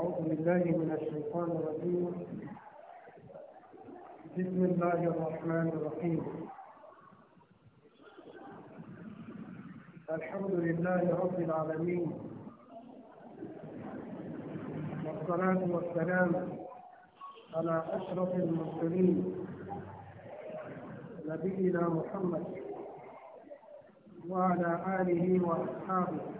أعوذ بالله من الشيطان الرجيم بسم الله الرحمن الرحيم الحمد لله رب العالمين والصلاة والسلام على أشرف المرسلين نبينا محمد وعلى آله وأصحابه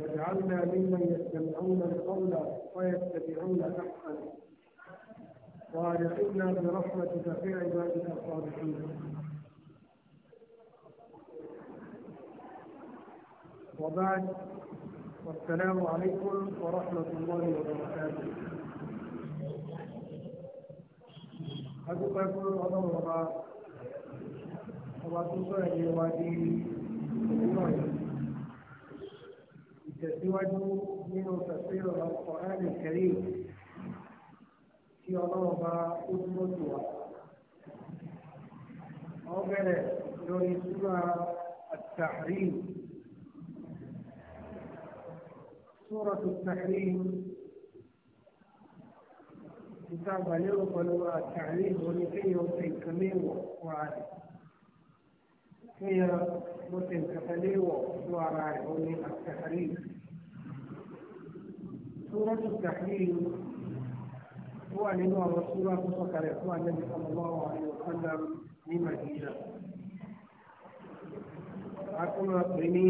واجعلنا ممن يستمعون القول ويتبعون احسن وادخلنا برحمتك في عبادك الصالحين وبعد والسلام عليكم ورحمة الله وبركاته أدوكم الله وبركاته وبركاته وبركاته ìtẹ̀síwájú nínú tafsir al-Qur'an al-Karim kí ọlọ́run bá ó dúró tù wá. wọ́n bẹ̀rẹ̀ lórí súra at-Tahrim. súra at-Tahrim ìta àgbàlérò pẹ̀lú at-Tahrim oníkéyìn oṣù ìkànnì ìwọ̀ fún ààrẹ níyà bó ti ń kẹtẹlé wọ̀ fún ara rẹ̀ ó ní àtẹ̀kárí. Súra tó kàkí ó wà nínú àwọn súra tó sọ̀kalẹ̀ fún àlejò sọ̀rọ̀ àwọn ọ̀sán ní Màdìyà. A tún máa pè ní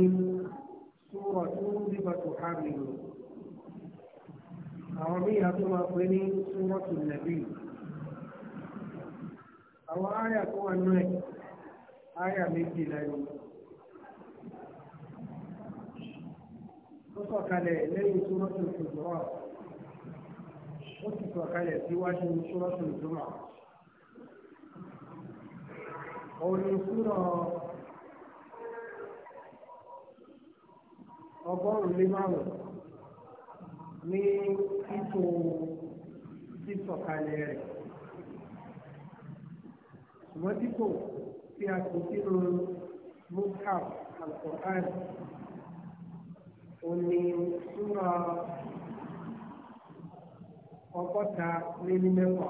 súra tó ń bíbá tó hàmì lò. Àwọn míì a tún máa pè ní súra tó nàbí. Àwọn áyà tó wà nínú ẹ̀ áyà méjì lẹ́nu. ó sọ̀kalẹ̀ lẹ́yìn sọ́rọ́tò ìṣòro ó sì sọ̀kalẹ̀ síwájú sọ́rọ́tò ìṣòro. òní kúrò ọgọ́rùn-ún lé márùn-ún ní títò sísọ̀kalẹ̀ rẹ̀ ṣùgbọ́n títò tí a kò sínú mukhaf al-Qur'an òní súnmọ́ ọgọ́ta lé ní mẹ́wàá.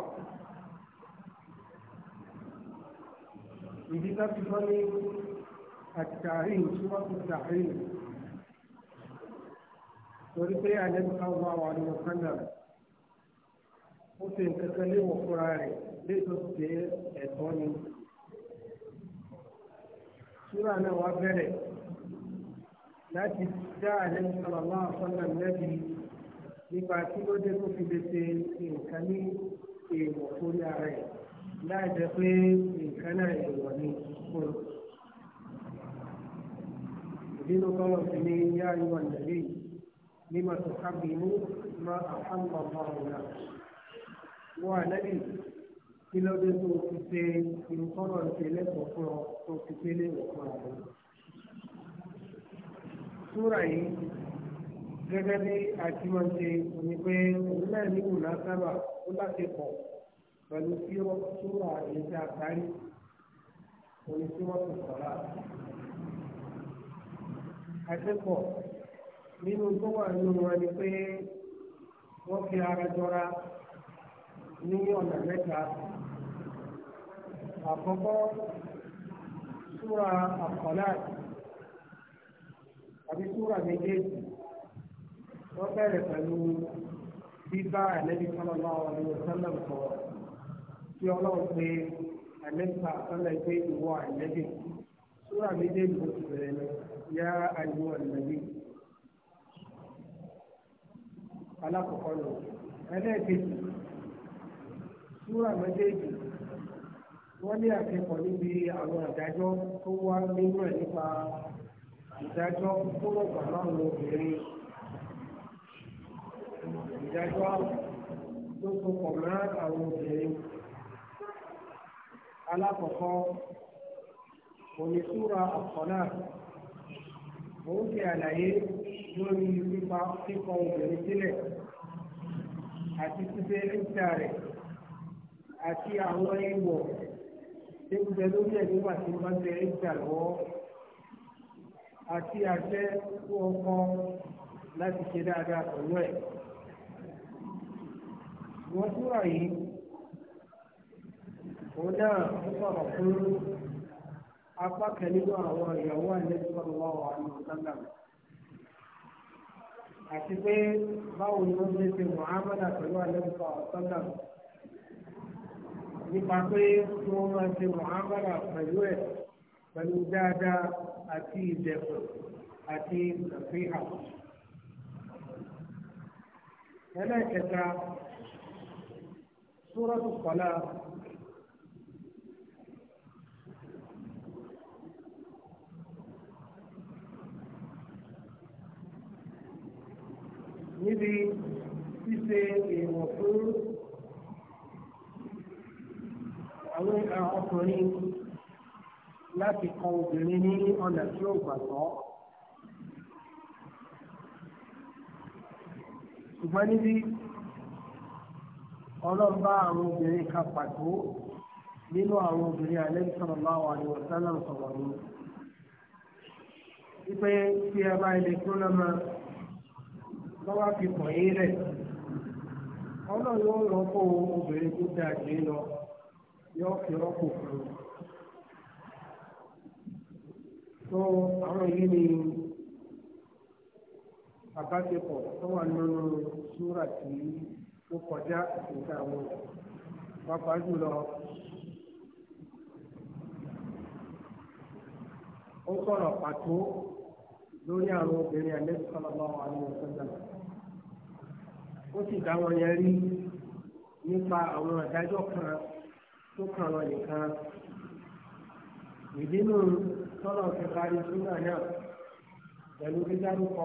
ìdí láti sọ ní àtàrí súnmọ́ àtàrí torí pé àlẹ́bùkà wà wà ní ọ̀kánà ó fi nǹkan kan léwọ̀ fúnra rẹ̀ lẹ́tọ̀ọ́ sí ẹ̀tọ́ ni súrà náà wá bẹ̀rẹ̀ láti dá àlẹ́ sọ̀rọ̀mọ́ àfọ́nà lẹ́bi nípa kí ló dé tó fi lè ṣe nǹkan ní èèwọ̀ fórí ara ẹ̀ láì jẹ́ pé nǹkan náà èèwọ̀ ni fún un. kọ́lọ̀ sí ní yá ìwà nàlẹ́ nígbà tó kábìínú máa àfọ́nà ọ̀bọ̀n náà. wọ́n àlẹ́ bìí kí ló dé tó fi ṣe ìrùkọ́nà ṣe lẹ́kọ̀ọ́ fún ọ tó fi ṣe léwọ̀ fún ọ. Súra yìí gẹ́gẹ́ bí àti máa ń ṣe òní pé òun náà ní ìwòlá sábà ó láti pọ̀ pẹ̀lú tí ó súra èyí tá a parí òní tí wọ́n ti sọ̀rọ̀. Àṣepọ̀ nínú tó wà nínú wọn ni pé wọ́n fi ara jọra ní ọ̀nà mẹ́ta àkọ́kọ́ súra àkọ́lá àbí súra méjèèjì wọ́n bẹ̀rẹ̀ pẹ̀lú bíbá àlẹ́bí sọ́lọ́lá ọ̀rẹ́ sọ́lọ́m sọ̀rọ̀ tí ọlọ́run pé àlẹ́bíkà sọ́lọ́ pé ìwọ àlẹ́bí súra méjèèjì ló ti bẹ̀rẹ̀ lọ yá àyù àlẹ́bí. alákọ̀ọ́kọ́ lọ ẹlẹ́ẹ̀kejì súra méjèèjì wọ́n ní àkẹ́kọ̀ọ́ níbi àwọn àdájọ́ tó wá nínú ẹ̀ nípa ìdájọ́ tó rọ̀gbà láwọn obìnrin ìdájọ́ tó sopọ̀ mọ́ àwọn obìnrin. alákọ̀ọ́kọ́ onísúra ọ̀kọ́nà òun ti àlàyé lórí pípa kíkọ obìnrin sílẹ̀ àti títẹ̀ ẹ̀ńtà rẹ̀ àti àwọn ìwọ̀ níbẹ̀ lórí ẹ̀ nígbà tí wọ́n bẹ ẹ̀jà lọ́wọ́ àti àṣẹ fún ọkọ láti ṣe dáadáa pẹ̀lú ẹ̀. wọ́n túra yìí òun náà ń sọ̀rọ̀ fún apá kan nínú àwọn ìyàwó àlẹ́sọ̀rọ̀ wà wà ní sálà. àti pé báwo ni wọ́n ṣe ṣe mọ̀ ámàlà pẹ̀lú àlẹ́sọ̀rọ̀ sálà nípa pé kí wọ́n máa ṣe mọ̀hámàdà pẹ̀lú ẹ̀ pẹ̀lú dáadáa àti ìdẹ̀kùn àti nàfíhà. ẹlẹ́ẹ̀kẹta súrọ́tù kọ́lá níbi ṣíṣe èèwọ̀ fún àwọn ọkùnrin láti kan obìnrin ní ọ̀nà tí ó gbà tọ́. ṣùgbọ́n níbi ọlọ́mbà àwọn obìnrin kan pàtó nínú àwọn obìnrin àlẹ́sọ̀rọ̀ bá wà ní ọ̀sánà sọ̀rọ̀ ni. wípé tí ẹ bá ilé tó lọ́mọ lọ́wọ́ fi pọ̀ yín rẹ̀ ọlọ́run ó lọ kó obìnrin tó dáa jù lọ yóò fi rọ́pò fún un. tó àwọn èyí ni àbáṣepọ̀ tó wà nínú súrà tí ó kọjá ìta àwọn pàápàá jùlọ ó sọ̀rọ̀ pàtó lórí àwọn obìnrin àlejò sọlọ́bà wà ní ọ̀sẹ̀dá ó sì dá wọn yẹn rí nípa àwọn àdájọ́ kan tó kàn nìkan ìdínú tọ́lọ̀ ti parí súnà náà pẹ̀lú dídárúkọ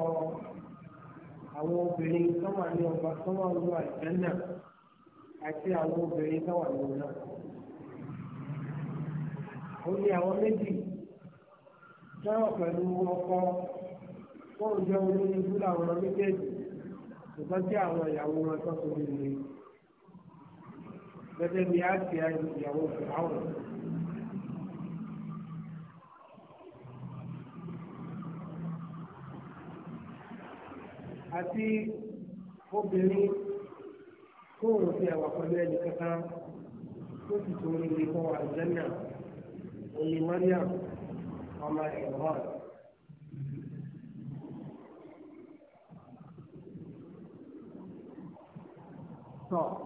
àwọn obìnrin tó wà ní ọgbà tó wà ní àìjẹ́nà àti àwọn obìnrin tó wà ní ọ̀nà. ó ní àwọn méjì tọ́rọ̀ pẹ̀lú ọkọ fóun jẹ́ olóyún fúlàwọn méjèèjì ṣùgbọ́n tí àwọn ìyàwó wọn tó tóbi nìyẹn. gẹ́gẹ́ bí àsíá ìyàwó fìràwọ̀. àti obìnrin tó ń fi àwọn pẹ̀lú ẹnì kankan tó sì tó ní ilé fún àlùjẹ́nà òní mariam ọmọ ẹ̀rọ. Stop.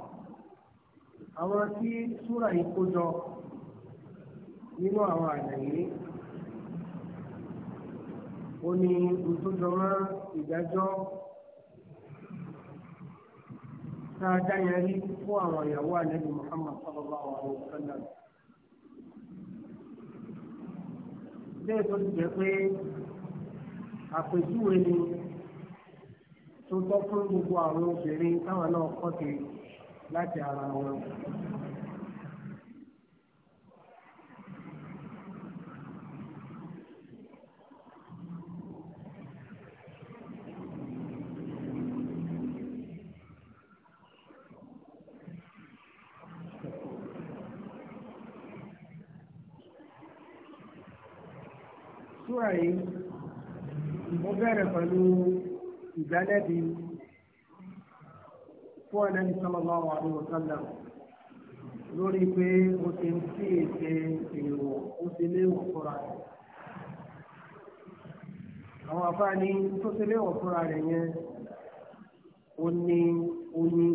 àwọn tí súra yìí kó jọ nínú àwọn àlàyé ó ní ntòjọmọ ìdájọ́ tá a dá yẹn rí fún àwọn ìyàwó àlejò Muhammad sallallahu alaihi wa sallam. bẹ́ẹ̀ tó ti jẹ́ pé àpèjúwe ni tó tọ́ fún gbogbo àwọn obìnrin táwọn náà kọ́ sí láti ara wọn. Súra yìí, mo bẹ̀rẹ̀ pẹ̀lú ìgbálẹ́bí fún ẹlẹ́ni sọ́lọ́lá wa ní ọ̀sánlá lórí pé mo ti ń kí ète èèwọ̀ ó ti léwọ̀ fúnra rẹ̀. àwọn afáàní tó ti léwọ̀ fúnra rẹ̀ yẹn ó ní oyin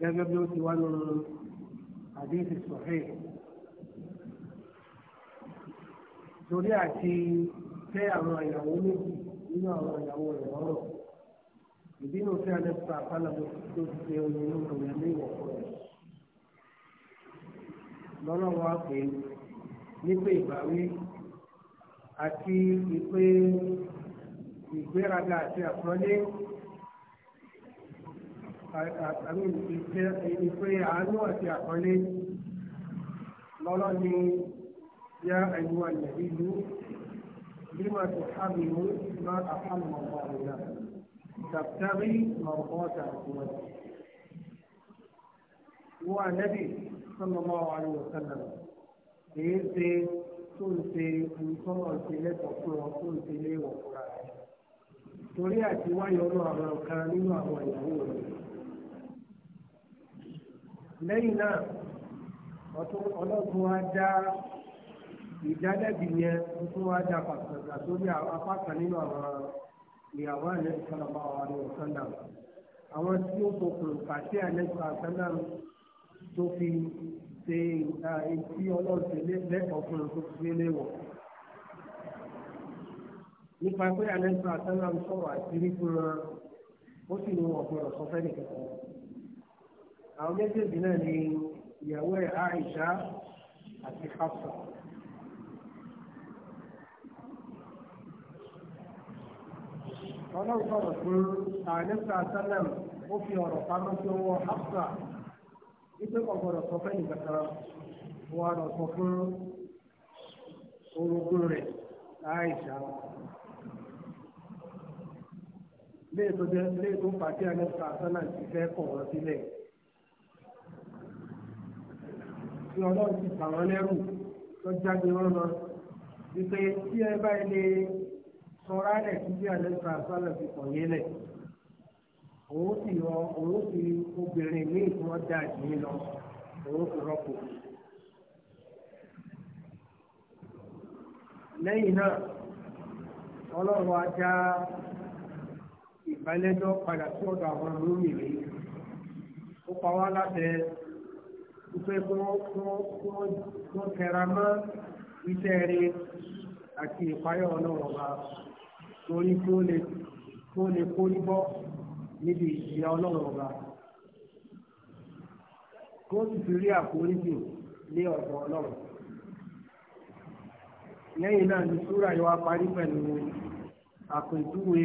gẹ́gẹ́ bí ó ti wá nínú àdéhùn sọ̀hẹ́. torí àti tẹ́ àwọn ìyàwó méjì nínú àwọn ìyàwó rẹ̀ lọ́rọ̀ ìbínú tí a lè fa àpálàbò tó ti ṣe oyin inú rẹ̀ ní ìwọ̀kọ̀ rẹ̀ lọ́nà wa pé nípa ìbáwí àti ìpè ìgbéraga àti àpọ́nlé àmì ìpè àánú àti àpọ́nlé lọ́nà ni yá àyùwà nàbí lu bí màá tó hábìlú máa àpá mọ̀ ọ́ àwọn tàbí mọ̀kọ́ta àkùrọ̀. Wọ́n ànábì sọ́nàmọ́ àwọn ọ̀sánà èyí ṣe tó ń ṣe nǹkan ọ̀sẹ̀ lẹ́tọ̀ọ́ fún ọ tó ń ṣe ilé ìwọ̀ fúnra rẹ̀. Torí àti wáyọ̀ ọ̀nà àwọn ọ̀kan nínú àwọn ìyàwó rẹ̀. Lẹ́yìn náà, ọlọ́run wa dá ìdálẹ́bi yẹn tó wá dá pàtàkì sórí apá kan nínú àwọn ọ̀rọ̀ ìyàwó àlẹ́sọ̀rọ̀ bá wà ní ọ̀sánná àwọn tí ó fòkùn pàṣẹ àlẹ́sọ̀rọ̀ àsánná tó fi ṣe etí ọlọ́ọ̀sẹ̀ lẹ́kọ̀ọ́kùnrin tó fi lé wọ̀. nípa pé àlẹ́sọ̀rọ̀ àsánná ń sọ̀rọ̀ àṣírí fún wọn ó sì ní wọn gbọdọ̀ sọ fẹ́ẹ́ nìkẹ́kọ̀ọ́. àwọn méjèèjì náà ni ìyàwó ẹ̀ àìsá àti hafsa. ọlọ́run sọ̀rọ̀ pé àlẹ́sà sálẹ̀m ó fi ọ̀rọ̀ pamọ́ sí ọwọ́ hafsa wípé ọ̀gọ̀rọ̀ sọ fẹ́ nìkan kan wọ́n á lọ sọ fún orogún rẹ̀ àìsà léètò jẹ léètò pàtí àlẹ́sà sálẹ̀m ti fẹ́ kọ̀ wọ́n sílẹ̀ tí ọlọ́run ti bà wọ́n lẹ́rù tó jáde wọn lọ wípé tí ẹ báyìí lè. sọra rẹ̀ tún bí àlejò àṣálẹ̀ fi kàn yélẹ̀ òun sì rọ òun sì obìnrin míì tí wọ́n dá ìdílé lọ òun sì rọ́pò. lẹ́yìn náà ọlọ́run ajá ìbálẹ́jọ́ padà sí ọ̀dọ̀ àwọn ó pa wá kí wọ́n mọ́ iṣẹ́ rẹ̀ torí kó lè kó lè kórí bọ́ níbi ìṣẹ́ ọlọ́run ọba kó sì fi rí àforíjì ní ọ̀dọ̀ ọlọ́run lẹ́yìn náà ní súrà yìí wá parí pẹ̀lú àpèjúwe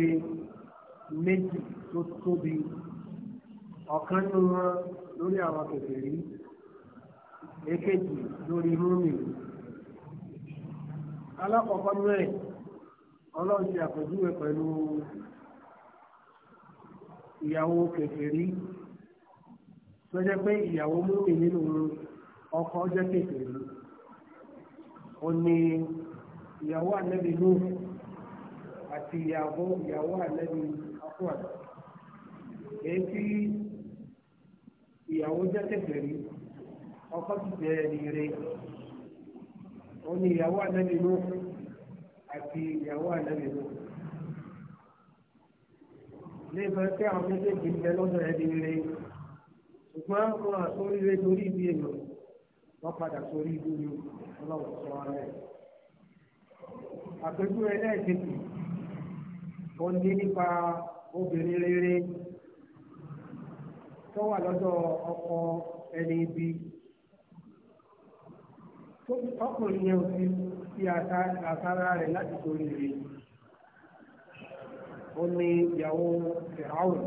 méjì tó tóbi ọ̀kan ní wọn lórí àwọn kẹfẹ́rí èkejì lórí rúmi alákọ̀ọ́kọ́ náà ọlọ́run ti àpèjúwe pẹ̀lú ìyàwó kékeré tó jẹ́ pé ìyàwó múmi nínú ọkọ̀ jẹ́ kékeré ó ní ìyàwó ànẹ́bí nù àti ìyàwó ìyàwó ànẹ́bí akọ́ọ̀d èyí tí ìyàwó jẹ́ kékeré ọkọ̀ ti jẹ́ ẹni rẹ̀ ó ní ìyàwó ànẹ́bí nù àti ìyàwó ànábì lò. lẹ́ẹ̀mọ́ pé àwọn méjèèjì ń bẹ lọ́dọ̀ ẹni rẹ ṣùgbọ́n wọn àsórí rẹ torí ibi èèyàn wọ́n padà sórí ibi ni ọlọ́run sọ ara ẹ̀. àpèjúwe ẹlẹ́ẹ̀kejì wọ́n ní nípa obìnrin rere tó wà lọ́dọ̀ ọkọ ẹni bíi ọkùnrin yẹn ò fi fi àtàrà rẹ̀ láti torí rẹ̀ ó ní ìyàwó fìràwùn.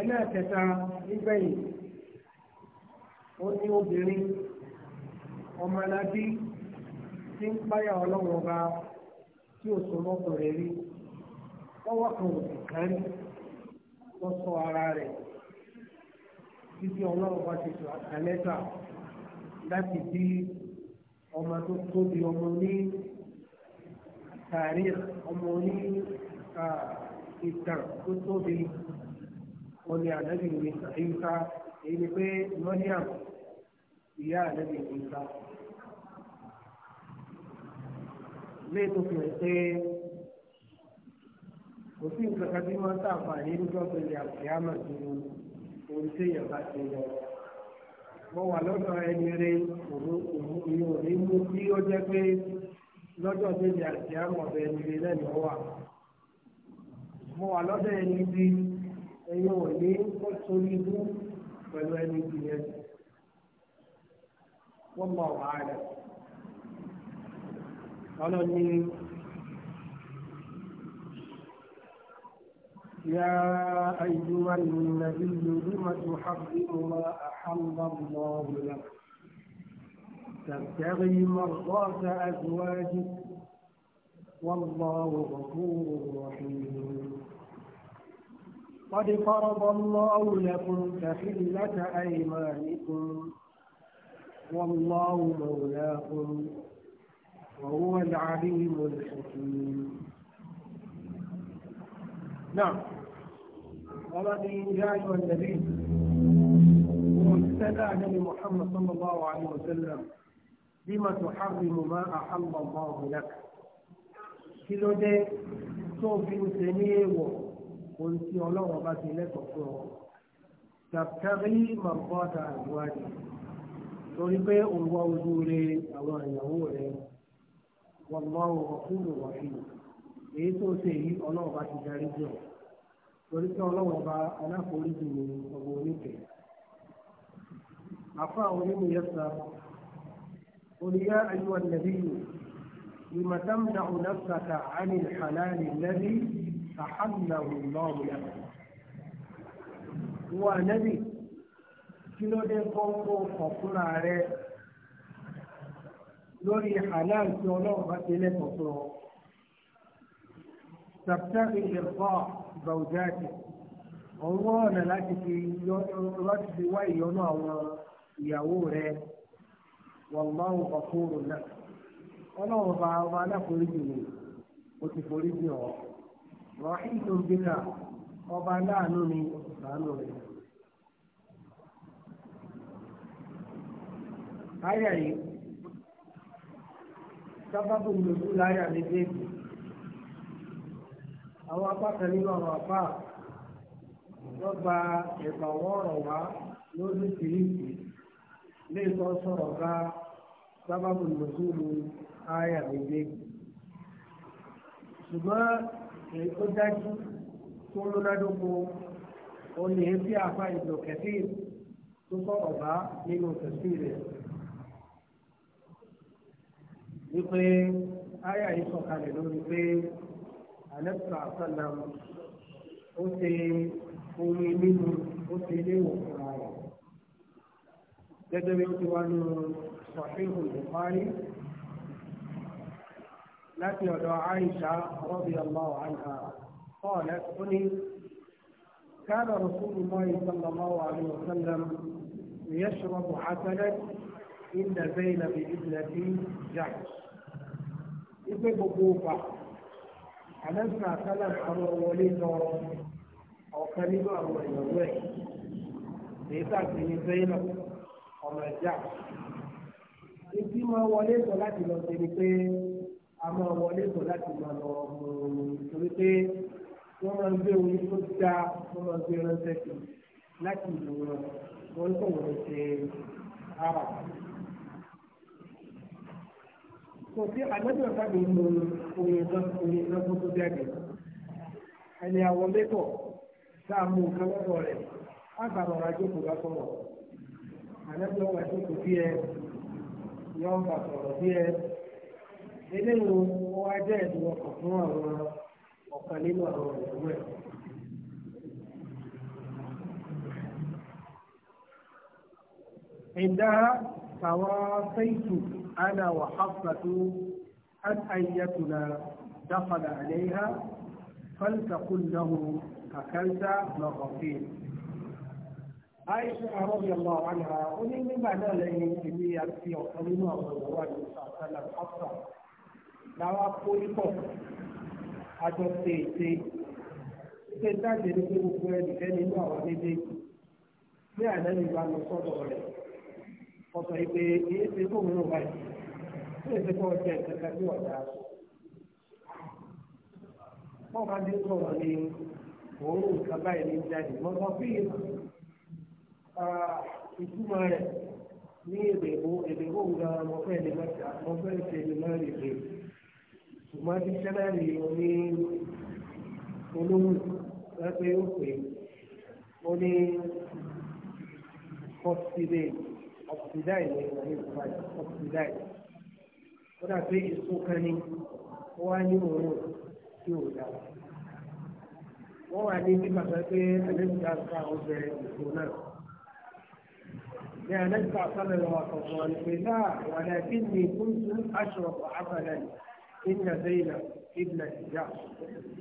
ẹlẹ́ẹ̀kẹta nígbẹ̀yìn ó ní obìnrin ọmọlábí tí ń páyà ọlọ́run ọba tí ò so mọ́kùnrin rí ọwọ́ kan ò sì kán rí ara rẹ̀ títí ọlọ́run bá ṣe àlẹ́ta láti bí ọmọ tó tóbi ọmọ ní tàrí ọmọ ní ìtàn tó tóbi ọ̀nì ànábì ìta èyí ni pé mọ́níàm ìyá ànábì ìta. lé tó fi hàn pé kò sí nǹkan kan tí wọ́n ń tàfà nínú ìjọba ilẹ̀ àbúyá màdúró ohun téèyàn bá ti lọ. mo wà lọ́dọ̀ ẹni rẹ òun ò ní mú kí ó jẹ́ pé lọ́jọ́ méjì àti àmọ̀ ọ̀bẹ ẹni rẹ lẹ́nu wà. mo wà lọ́dọ̀ ẹni bí ẹyin ò kó torí ibú pẹ̀lú ẹni bí yẹn. wọ́n mọ̀ wàhálà. ọlọ́ni. يا أيها النبي لم تحرم ما أحل الله لك تبتغي مرضات أزواجك والله غفور رحيم قد فرض الله لكم تحلة أيمانكم والله مولاكم وهو العليم الحكيم náà wọ́n bá ti yá ayọ̀ ẹ̀lẹ́bí wọ́n ti tẹ́lẹ̀ àdẹ́ni muhammad sallallahu alayhi wa sallam bí ma tó hàrìmù má a hàmà mọ́ ọ̀hùnlẹ́k kí ló dé tó fi ń ṣe ní èèwọ̀ ohun tí ọlọ́wọ́ bá ti lẹ́tọ̀ọ́ fún ọ tàbí màbọ́ta àdúrà torí pé òun wá ojú rẹ àwọn ìyàwó rẹ wọ́n máa ń wọ́n fún ìwà fìlà èyí tó ṣe yìí ọlọ́run bá ti darí jù ọ́ torí pé ọlọ́run bá aláforíjì ní ọgbọ́n oníkẹ́. àfa àwọn onímọ̀ yẹn sá oníyá ayúwa nàbí yìí lima tamda nafsaka ani halali nabi ahamdahu lọ́wọ́ yàrá. wọ́n ànábì kí ló dé kọ́ńkọ́ ọ̀kúnra rẹ lórí halal tí ọlọ́run bá ti lẹ́kọ̀ọ́ fún تبتغي إرضاء زوجاته ọwọ́ ọ̀nà láti fi láti fi wá ìyọnú àwọn ìyàwó rẹ wàlúwàhùn ọ̀fọ́rò náà ọlọ́run bá ọba aláforíjì ni ó ti foríjì ọ̀ rọ́ọ̀hìn tó ń bíkà ọba aláàánú ni òṣìṣàánú rẹ. áyà yìí sábàbù nìkú láyà méjèèjì àwọn apákan nínú àwọn apá wọ́n gba ẹ̀gbà wọ́ọ̀rọ̀ wá lórí kìrìkì lè sọ sọ̀rọ̀ bá sábàbù nùsùlù ayà méjèèjì. ṣùgbọ́n èyí tó dájú tó lónádóko ó lè fi àpá ìlò kẹfì tó sọ̀rọ̀ bá nínú kẹfì rẹ̀. wípé ayà yìí sọ̀kalẹ̀ lórí pé àlẹ́sà àṣàlà ó ṣe omi mímu ó ṣe ilé ìwòsàn rẹ̀ gẹ́gẹ́ bí ó ti wá nínú sọ̀fíìhùn ìparí láti ọ̀dọ̀ àìsà rọ́bì ọlọ́wọ́ àìsà kọ́ọ̀lẹ́ ó ní كان رسول الله صلى الله عليه وسلم يشرب حسنا عند زينب ابنة جحش. إذا بقوفة àlẹ́sìn àkálà àwọn wọlé lọ ọ̀kan nínú àwọn ìyàwó ẹ̀ èyí tàbí ní zainà ọmọ ẹ̀já etí máa wọlé sọ láti lọ sí ni pé a máa wọlé sọ láti máa lọ torí pé wọ́n máa ń gbé oyin tó dáa wọ́n máa ń gbé ránṣẹ́ sí láti ìlú wọn wọ́n kò wọ́n ṣe ara kò sí àgbẹ̀dẹ̀ ọ̀sán mi ní omi nǹkan omi nǹkan tó tó jáde ẹni àwọn mẹ́tọ̀ tá a mú nǹkan lọ́dọ̀ rẹ̀ á gbà lọ́ra jókòó bá sọ̀rọ̀ àgbẹ̀dẹ̀ ọ̀sán jókòó bí ẹ yọ̀ ń bà sọ̀rọ̀ bí ẹ eléyìí wọ́n wá jẹ́ ẹ̀dùn ọkàn fún àwọn ọ̀kan nínú àwọn ìlú ẹ̀. عندها توافيت أنا وحفصة أن أيتنا دخل عليها فلتقل له أكلت مغفين عائشة رضي الله عنها أني من معنى لي إني أرسي وقلنا وضوان وسعسل حفصة لو أقول لكم أدرسيتي ṣe jáde ní gbogbo ẹnikẹ́ni inú àwọn méjèèjì bí àná ní ìbámu ọ̀sọ̀ ìpè èyí ti kó mi wà yìí tí èsì kọ́ ọjà ìtẹ̀ka tí wà dáa. wọ́n máa dín sọ̀rọ̀ ní òórùn nǹkan báyìí jáde wọ́n sọ fún yìí ìtumọ̀ rẹ̀ ní èdè ìbò èdè ìbò ń gan mo fẹ́ lè mọ́ta mo fẹ́ ṣe lè mọ́ èdè ṣùgbọ́n tí sẹ́lẹ̀rì oní olówó rẹ̀ pé ó pè ọ̀pìdáì ní ìwọ̀n ìgbà ọ̀pìdáì ó dà pé èso kan ní ó wá ní òórùn tí ò dá wọ́n wà ní nípa pé pé àlejò àgbà ọbẹ̀ èso náà ní àlejò àkàlẹ̀ lọ́wọ́ àkọ́kọ́ ni pé náà wà ní àti ní kúntù aṣọ àbàdà nínú àbẹ́yìnà ìbìnà ìjà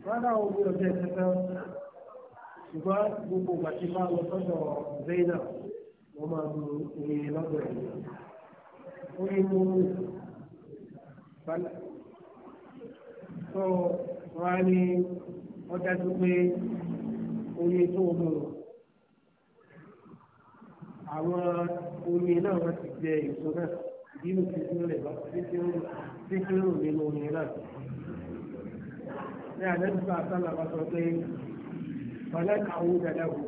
rárá o bí ọjọ́ ìtẹ́tẹ́ ṣùgbọ́n gbogbo ìgbà tí bá lọ sọ́dọ̀ zainab wọ́n máa mú oye lọ́dọ̀ ẹ̀ oye mú balẹ̀ tó wọ́n ní wọ́n dájú pé oye tó o mú àwọn omi náà wọ́n ti jẹ èso náà nínú títí ó lè bá títí ó títí ó nínú náà. ní àdéhùn bá a sálà sọ pé balẹ̀ àwọn òun dàda wò.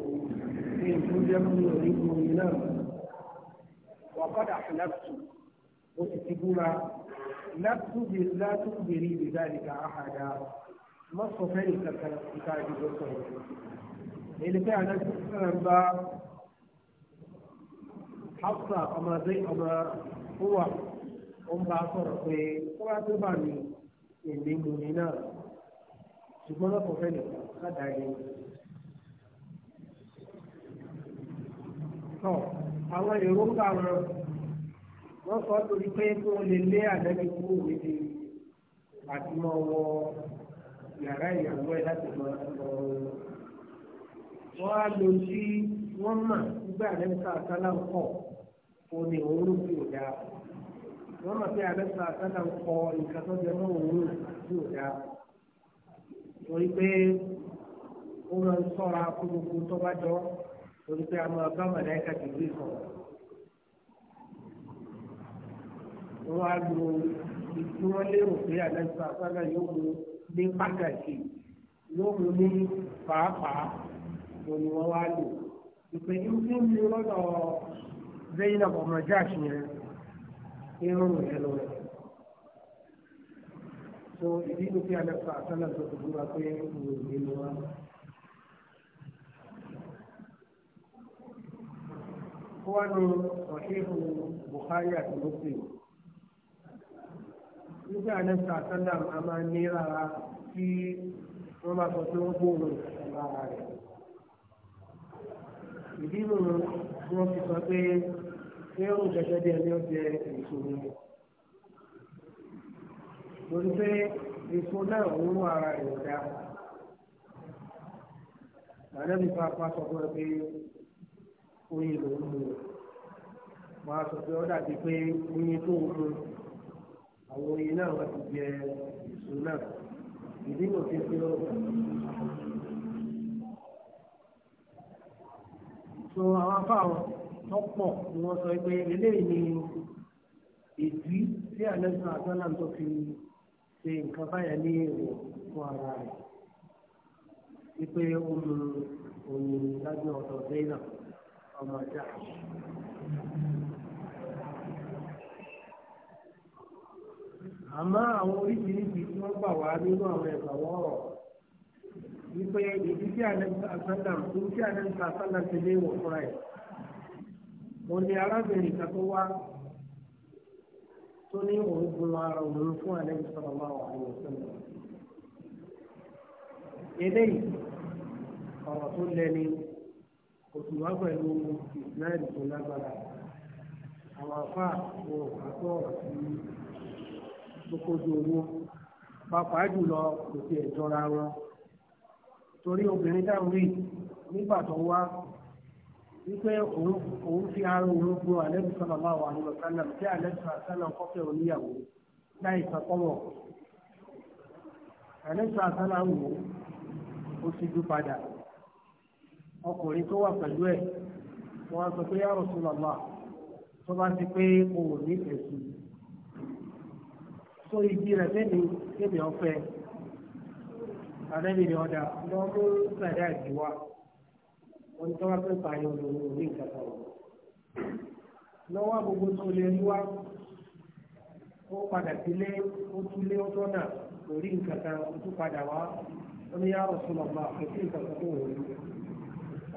في جوجم يريد منام وقد أحلفت وستقول لست لا تخبري بذلك أحدا ما صفيت كالكتاب بصره اللي فعلا تفهم با حفصة أما زي أما هو أم باصر في طبعا تبعني اللي مننا سبحان الله صفيت كالكتاب tọ̀ àwọn èròǹgbà wọn wọ́n sọ torí pé kí wọ́n lè lé àdẹ́bí kúrò níbi àti mọ́ wọ yàrá ìyàwó ẹ̀ láti mọ ọ̀rọ̀ wọn á lò sí wọ́n mà nígbà àdẹ́bí sàkálà ń kọ̀ òní òórùn tí ò dáa wọ́n mọ̀ pé àdẹ́bí sàkálà ń kọ nǹkan tó jẹ mọ́ òórùn tí ò dáa torí pé ó torí pé a máa bá màláìka tìbí sọ̀rọ̀. wọ́n á lo ìtú wọn lérò pé àlẹ́sà sálà yóò mú ní pàtàkì yóò mú ní pàápàá mo ni wọ́n wá lò. ìpè ní kí n ní lọ́dọ̀ Zainab ọmọ Jash yẹn irun rẹ̀ lọ rẹ̀. so ìdí ló fi àlẹ́sà sálà tó dùdú wa pé mo ò ní lọ wá ní ọ̀ṣẹ́hù buhari àti muslim nígbà anẹ́sà sálàm a máa ní rárá tí wọ́n bá sọ pé wọ́n gbòòrò lára rẹ̀ ìdí nù wọ́n fi sọ pé ẹ̀rù gẹ́gẹ́ bí ẹni ọ̀jẹ̀ èso ni torí pé èso náà ń mú ara rẹ̀ dá. Àlẹ́ mi sọ fún ẹ pé oyin ló ń mu o wọn a sọ pé ó dàbí pé oyin tó ń mu àwọn oyin náà wọn ti jẹ èso náà ìdí nù fi fi ó. so àwọn afáwọn tó pọ̀ ni wọ́n sọ pé eléyìí ni ìdí tí àlẹ́sìn àtọ́nà tó fi ṣe nǹkan báyẹn ní èrò fún ara rẹ̀ wípé ó mu oyin lágbè ọ̀dọ̀ bẹ́ẹ̀ ọmọ ọjà. àmọ́ àwọn oríṣiríṣi tí wọ́n gbà wá nínú àwọn ẹ̀fà wọ́ọ̀rọ̀ wípé ìdí tí àlẹ́sàdàm tó tí àlẹ́sàdàm ti lé wọ̀ fúnra ẹ̀. mo ní arábìnrin kan tó wá tó ní òun gun ara òun fún àlẹ́sàdàm àwọn àwọn òṣèlú. eléyìí ọ̀rọ̀ tó lẹ́ni. kò sì wá pẹ̀lú ìsirẹ́lì tó lágbára àwọn afá wọn ò kàtó gbogbo owó pàápàá jùlọ kò sí ẹ̀jọ́ra wọn torí obìnrin dáhùn rí nígbà tó wá wípé òun fi ara òun gbọ́ àlẹ́bí sọ̀rọ̀ máa wà nínú sálẹ̀ tí àlẹ́bí kọ́kẹ́ oníyàwó láì àlẹ́bí wò ó sì dú padà. ọkùnrin tó wà pẹ̀lú ẹ̀ wọ́n sọ pé ya Rasulullah tó bá ti pé o ní ẹ̀sùn tó igi rẹ̀ sẹ́ni kéde ọ̀fẹ́ àdẹ́bìnrin ọ̀dà lọ́wọ́ tó sàdá ìdíwá wọ́n tó wá pé pààyàn lòun ò ní ìkàtà wọn. lọ́wọ́ gbogbo tó lè rí wá ó padà sílé ó túlé ó tọ́nà lórí ìkàtà ó tún padà wá ó ní ya Rasulullah kò sí ìkàtà tó wọ̀ ọ́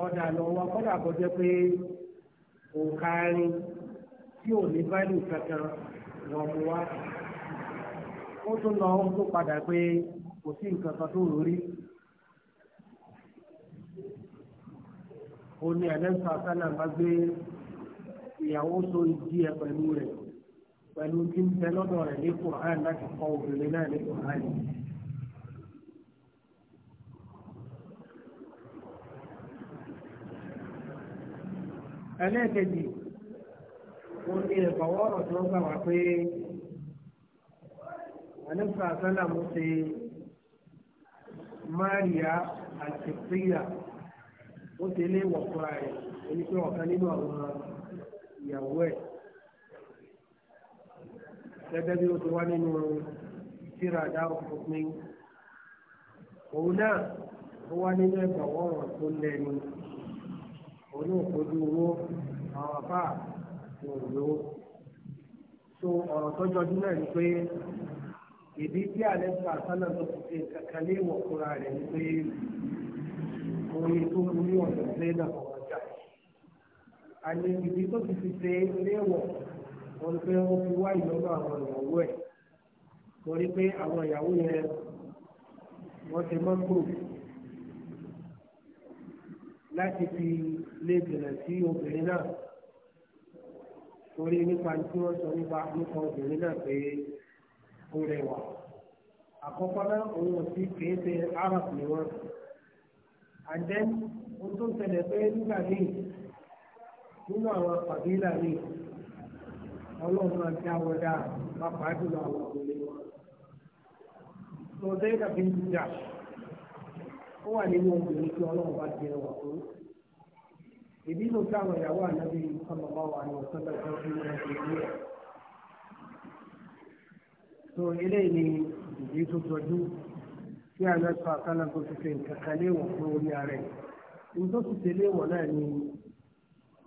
ọ̀dà lọ́wọ́ kọ́dà kó jẹ́ pé òǹkà rin tí ò ní báyìí kankan wọ́n mú wá. ó tún lọ ó tún padà pé kò sí nǹkan kan tó rò rí. ó ní ẹlẹ́sìn àtàlà bá gbé ìyàwó so ìdí ẹ pẹ̀lú rẹ̀ pẹ̀lú tí ń bẹ lọ́dọ̀ rẹ̀ ní kùrán láti kọ obìnrin náà ní kùrán yìí. ẹlẹ́ẹ̀kejì wọn ní ẹ̀kọ́ ọ̀rọ̀ tí wọ́n gbà wá pé àlẹ́fà sálàmù ṣe máríà àtìpíyà ó ṣe lé wọ̀kúra rẹ̀ ẹni pé ọ̀kan nínú àwọn ìyàwó ẹ̀ gẹ́gẹ́ bí ó ti wá nínú tíra dáhùn fúnpín òun náà ó wá nínú ẹ̀kọ́ ọ̀rọ̀ tó lẹ́nu òun náà kò ju owó àwọn àbá àti òwúrò so ọ̀rọ̀ tọ́jú ọdún náà ni pé ìdí tí àlẹ́sà sálà tó ti ṣe kankan lé ìwọ̀kúra rẹ̀ ni pé orin tó mú ní ọ̀dọ̀ sílé náà kọ̀ ọjà àní ìdí tó ti fi ṣe léèwọ̀ wọn pé ó fi wá ìyọ́nú àwọn ìyàwó ẹ̀ torí pé àwọn ìyàwó yẹn wọ́n ti mọ́ gbòòrò láti fi lè dènà sí obìnrin náà torí nípa tí wọ́n sọ nípa nípa obìnrin náà pé ó rẹwà àkọ́kọ́ náà òun ò sí kìí ṣe arab ni wọ́n and then ó tún tẹ̀lé pé nígbà míì nínú àwọn kàbílà míì ọlọ́run máa dá wọn dáa pàápàá jùlọ àwọn obìnrin wọn. so they have been ó wà nínú obìnrin tí ọlọ́run bá jẹ wà fún. ìbí ló táwọn ìyàwó ànábì ọmọ bá wà ní ọ̀sán lọ́sọ́ bí wọ́n ti rí ẹ̀. tó eléyìí ni ìdí tó tọjú tí àlọ́sọ àkàlà tó ti fi nǹkan kan léwọ̀ fún orí ààrẹ. ní tó ti tẹ̀lé wọ̀ náà ni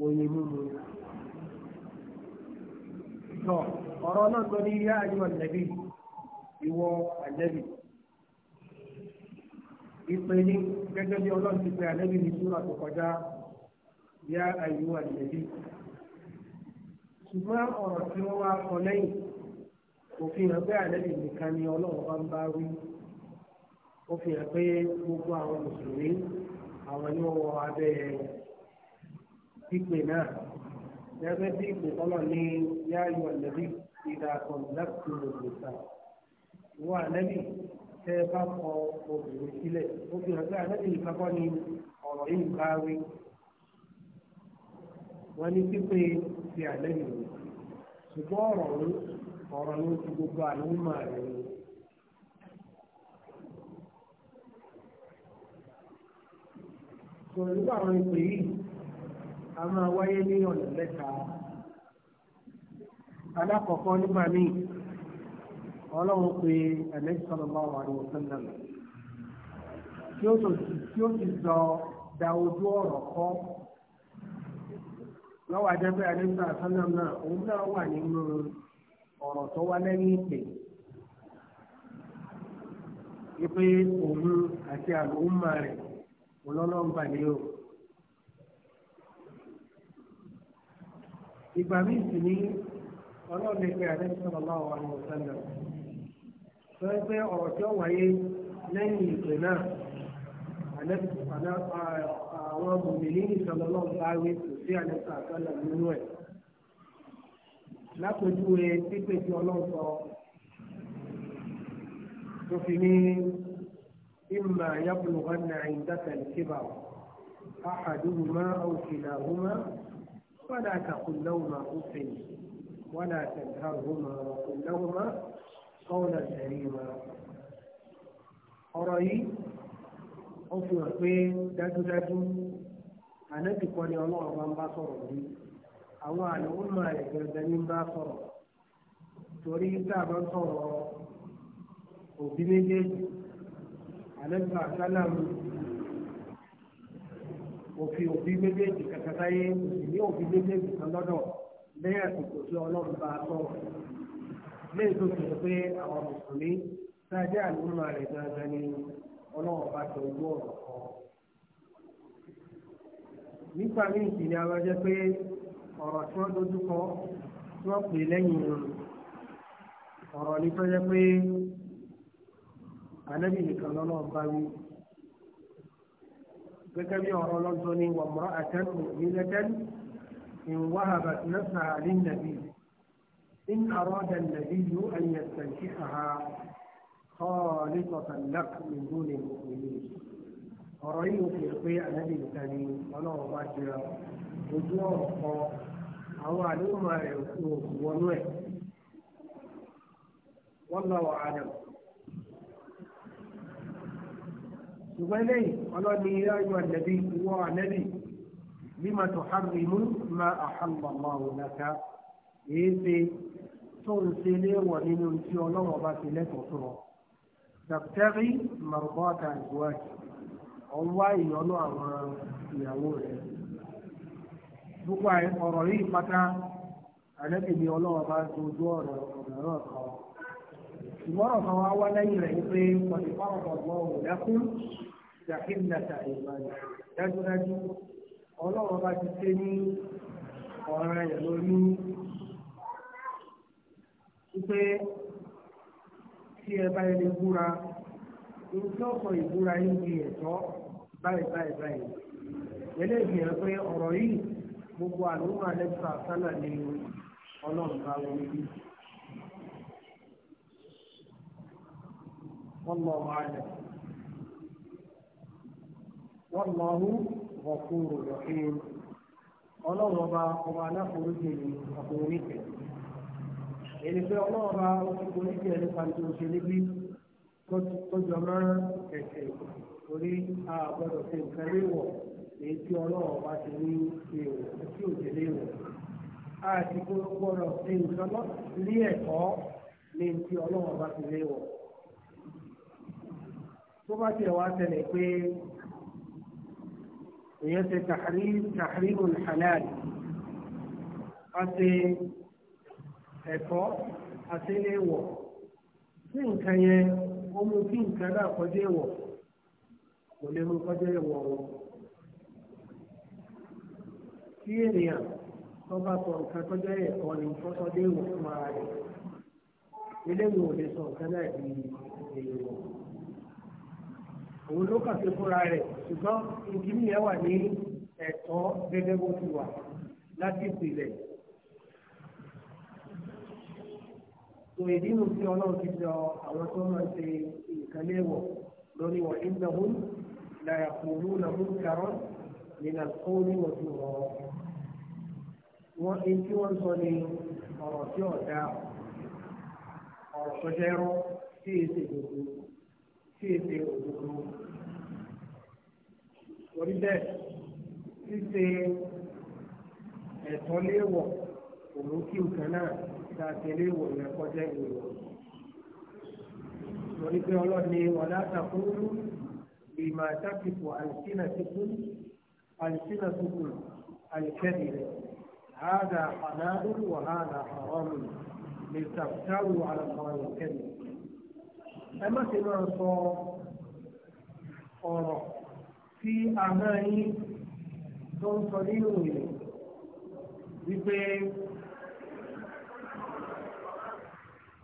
oyin mímu. tọ ọ̀rọ̀ náà tó ní yá àyíwá nàbí ìwọ àjẹbí ìpè ní gẹ́gẹ́ bí ọlọ́run ti pe àlẹ́bí ní súrà tó kọjá yá àyù àlẹ́bí. ṣùgbọ́n ọ̀rọ̀ tí wọ́n wá kọ lẹ́yìn kò fi hàn pé àlẹ́bí nìkan ni ọlọ́run bá ń bá wí. ó fi hàn pé gbogbo àwọn mùsùlùmí àwọn ni wọ́n wọ abẹ́ ìpè náà gẹ́gẹ́ bí ìpè tọ́lọ̀ ní yá àyù àlẹ́bí ìdá kan láti lòdì sáà. wọ́n àlẹ́bí tẹ ẹ bá kọ obìnrin sílẹ̀ ó fi hàn pé àlẹ́bí ìkákọ́ ni ọ̀rọ̀ yìí bá wí wọ́n ní pípé ti àlẹ́bí rẹ̀ ṣùgbọ́n ọ̀rọ̀ ní ọ̀rọ̀ ní ti gbogbo àlùmọ̀ rẹ̀ ni. sọ̀rọ̀ nípa àwọn ìpè yìí a máa wáyé ní ọ̀nà mẹ́ta alákọ̀ọ́kọ́ nígbà míì ọlọ́run pé ẹ̀lẹ́yìn sallallahu alaihi wasallam tí ó ti sọ da ojú ọ̀rọ̀ kọ́ lọ́wọ́ ajẹ́pẹ́ ẹ̀lẹ́yìn sallam náà òun náà wà nínú ọ̀rọ̀ tó wá lẹ́yìn ìpè ipe òun àti àlùmọ́ rẹ̀ ọlọ́run balẹ̀ o. ìgbà míì sì ní ọlọ́run lè pe ẹ̀lẹ́yìn sallallahu alaihi wasallam tó ń pẹ́ ọ̀rọ̀ tí ó wáyé lẹ́yìn ìpè náà àwọn mòmìnì ìsọlọ́lọ́ bá wí kò sí àlẹ́sà àtọ́lẹ̀ nínú ẹ̀. lápòjúwe pípé tí ọlọ́run sọ tó fi ní ìmọ̀ yàgùnlùwà náà ìdáta ìkébà àhàdúhùmá àwòkìláhùmá wọ́n dà kàkùnláhùmá òfin wọ́n dà tẹ̀hárùhùmá wọ́kùnláhùmá. قولا كريما ọ̀rọ̀ yìí ó fi hàn pé dájúdájú ànẹ́tìkọ́ ni ọlọ́run máa ń bá sọ̀rọ̀ bí àwọn àlùmọ́ rẹ̀ gẹ̀gẹ̀ ní bá sọ̀rọ̀ torí tá a bá sọ̀rọ̀ òbí méjèèjì òfin òbí méjèèjì kàkàtà yé òsì ní òbí méjèèjì kan lọ́dọ̀ ọlọ́run bá sọ̀rọ̀. lẹ́yìn tó ti pé àwọn mùsùlùmí sáájá àlùmọ́ rẹ̀ gangan ni ọlọ́wọ́ bá tọ ojú ọ̀rọ̀ kan. nípa míì sì ni a máa jẹ́ pé ọ̀rọ̀ tí wọ́n dojú kọ tí wọ́n pè lẹ́yìn ọ̀rọ̀ ní tó jẹ́ pé ànábì nìkan lọ́nà bá wí. gẹ́gẹ́ bí ọ̀rọ̀ lọ́dún ní wàmúrọ̀ àtẹ́kùn nílẹ̀kẹ́ni ìwáhàbà náà sàálì nàbí. إن أراد النبي أن يستنكحها خالصة لك من دون المؤمنين أرأيه في القيء النبي الكريم ولا أباشر وجوه أو علوم ونوح والله أعلم ṣùgbọ́n lẹ́yìn ọlọ́ni ayọ̀ ànàbí ìwọ ànàbí lima tó hàrìmú ma àhàlmàmá òun náà ká èé ṣe tó ń ṣe léwọ̀ nínú tí ọlọ́wọ́ bá ti lẹ́tọ̀ọ́ fún ọ. dàpẹ́rì màrúbọ́ọ̀tà ìwádìí ọ̀n wá ìyọ́nú àwọn ìyàwó rẹ̀. gbogbo ọ̀rọ̀ yìí pátá àlẹ́bìbí ọlọ́wọ́ bá dojú ọ̀rọ̀ ọ̀rọ̀ náà kan. ìmọ̀ràn kan wá wá lẹ́yìn rẹ̀ pé pàṣẹ fáwọn ọ̀gbọ́n ò lẹ́kún ìdàkínlẹ̀ta ìbàdàn dájúdájú ọlọ́wọ́ bá ti ṣe ní ọ̀ràn wípé tí ẹ bá yẹn lè búra nǹkan ọ̀sán ìbúra yìí di ẹ̀tọ́ báyìí báyìí báyìí eléyìí hàn pé ọ̀rọ̀ yìí gbogbo àlùmọ́ alẹ́sà sálà ni ọlọ́run bá wọlé bí. والله أعلم والله غفور رحيم ọlọ́run ọba ọba aláforíjì ni àforíjì èyí pé ọlọ́run bá ó ti borí díẹ̀ nípa tí o ṣe níbí tó jọ mọ́ ẹ̀sẹ̀ torí a gbọ́dọ̀ ṣe nǹkan léwọ̀ èyí tí ọlọ́run bá ti ní èèwọ̀ tí ò ṣe léwọ̀ a ti gbọ́dọ̀ ṣe nǹkan lé ẹ̀kọ́ ní ti ọlọ́run ti léwọ̀ tó bá tiẹ̀ wá tẹ̀lé pé èèyàn ṣe tàhírí tàhírí olùhàlẹ́ àdì wọ́n ṣe. ẹ̀tọ́ àti èèwọ̀ tí nǹkan yẹn ó mú kí nǹkan náà kọjá èèwọ̀ kò lè mú kọjá o. tí ènìyàn tó bá sọ nǹkan kọjá ẹ̀kọ́ ni tó sọ dé fún ara rẹ̀ ò lè sọ nǹkan náà di òun ló fúnra rẹ̀ ṣùgbọ́n tó ìdí nù sí ọlọ́run ti sọ àwọn tó máa ń ṣe nǹkan léèwọ̀ lórí wọ̀ ìdàgbọ́n lára kúrú làwọn kàrọ́ nínú àkóónì wọ̀ tó rọ̀ wọ́n tí wọ́n sọ ni ọ̀rọ̀ tí ọ̀dà ọ̀rọ̀ kọjá ẹ̀rọ tí èsè gbogbo tí èsè òdodo torí bẹ́ẹ̀ ṣíṣe ẹ̀tọ́ léèwọ̀ òun nǹkan náà tá a ti lé ìwòyàn kọjá ìwòyàn. lórí pé ọlọ́ni wọn látàkùn ìmọ̀ àtàkìkù àìsínà tuntun àìsínà tuntun àìkẹ́bì rẹ̀. هذا حلال وهذا حرام لتفتروا على الله الكذب ẹ má ṣe máa sọ ọ̀rọ̀ tí a máa yín tó ń sọ nínú ìlú wípé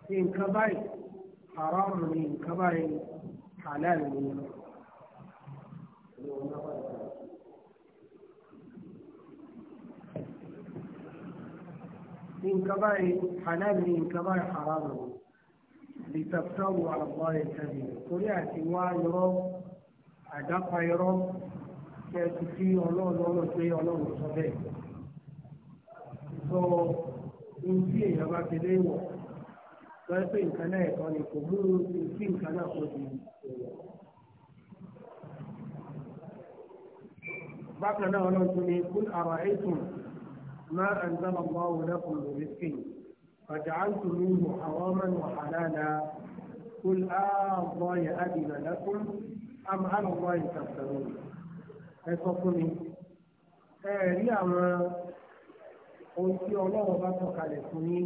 nǹkan báyìí haram ni nǹkan báyìí halal ni. nǹkan báyìí halal ni nǹkan báyìí haram ni. لتفتروا على الله الكذب torí àti wá irọ́ àdápa irọ́ kí ẹ ti fi ọlọ́run lọ́rọ̀ pé ọlọ́run sọ bẹ́ẹ̀. sọ ohun tí èèyàn bá fi léèwọ̀ wọ́n pé nǹkan náà ẹ̀kọ́ ni kò mú sí nǹkan náà kó di èèyàn. bákan náà ọlọ́run tún ní kún àrà ẹ̀sùn máa ń dáná bá òun lẹ́kùn lórí sí i فجعلت منه حراما وحلالا قل آه الله أذن لكم أم على الله تفترون ẹ sọ fún mi ẹ rí àwọn ohun tí ọlọ́run bá tọ̀kalẹ̀ fún yín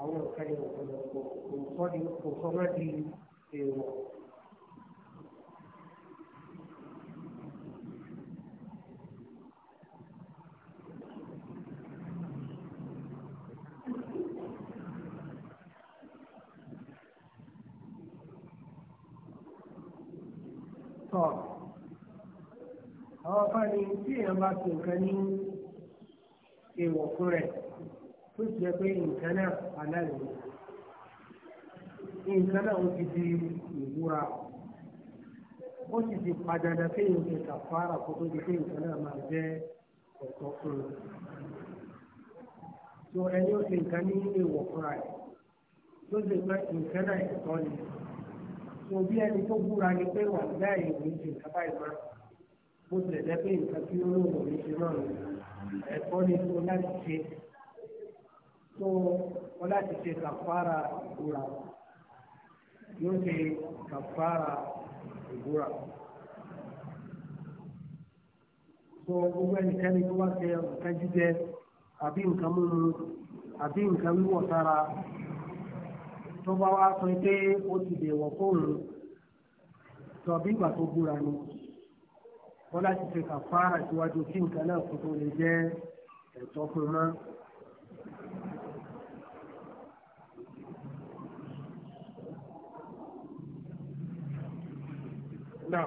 àwọn nǹkan yẹn ọ̀pọ̀lọpọ̀ kò sọ má di èèwọ̀. tọ̀ àwọn afáàní tí èèyàn bá ti nǹkan ní èèwọ̀ fún rẹ̀ tó ti yẹ pé nǹkan náà aláìlú nǹkan náà ó ti di ìwúra ó sì ti padàdà pé nǹkan kàfàrà kó tó di pé nǹkan náà máa jẹ́ ọ̀tọ̀ fún un. tó ẹni ó ti nǹkan ní èèwọ̀ fúnra ẹ̀ tó lè gbọ́ nǹkan náà ẹ̀tọ́ ni tó bí ẹni tó búra ni pé wà láì ní ti nǹkan báyìí máa bó tilẹ̀ jẹ́ pé nǹkan tí ó lóun ò ní ṣe náà ẹ̀tọ́ ni tó láti ṣe tó wọn láti ṣe kàfàrà ìbúra yóò ṣe kàfàrà ìbúra. tó gbogbo ẹnikẹ́ni tó wá ṣe nǹkan jíjẹ àbí nǹkan mímu àbí nǹkan wíwọ̀ sára tó bá wá sọ pé ó ti dèwọ̀ fóònù tọ̀bí ìgbà tó búra ni wọ́n láti ṣe kàfàrà síwájú kí nǹkan náà kó tó lè jẹ́ ẹ̀tọ́ fún un náà. náà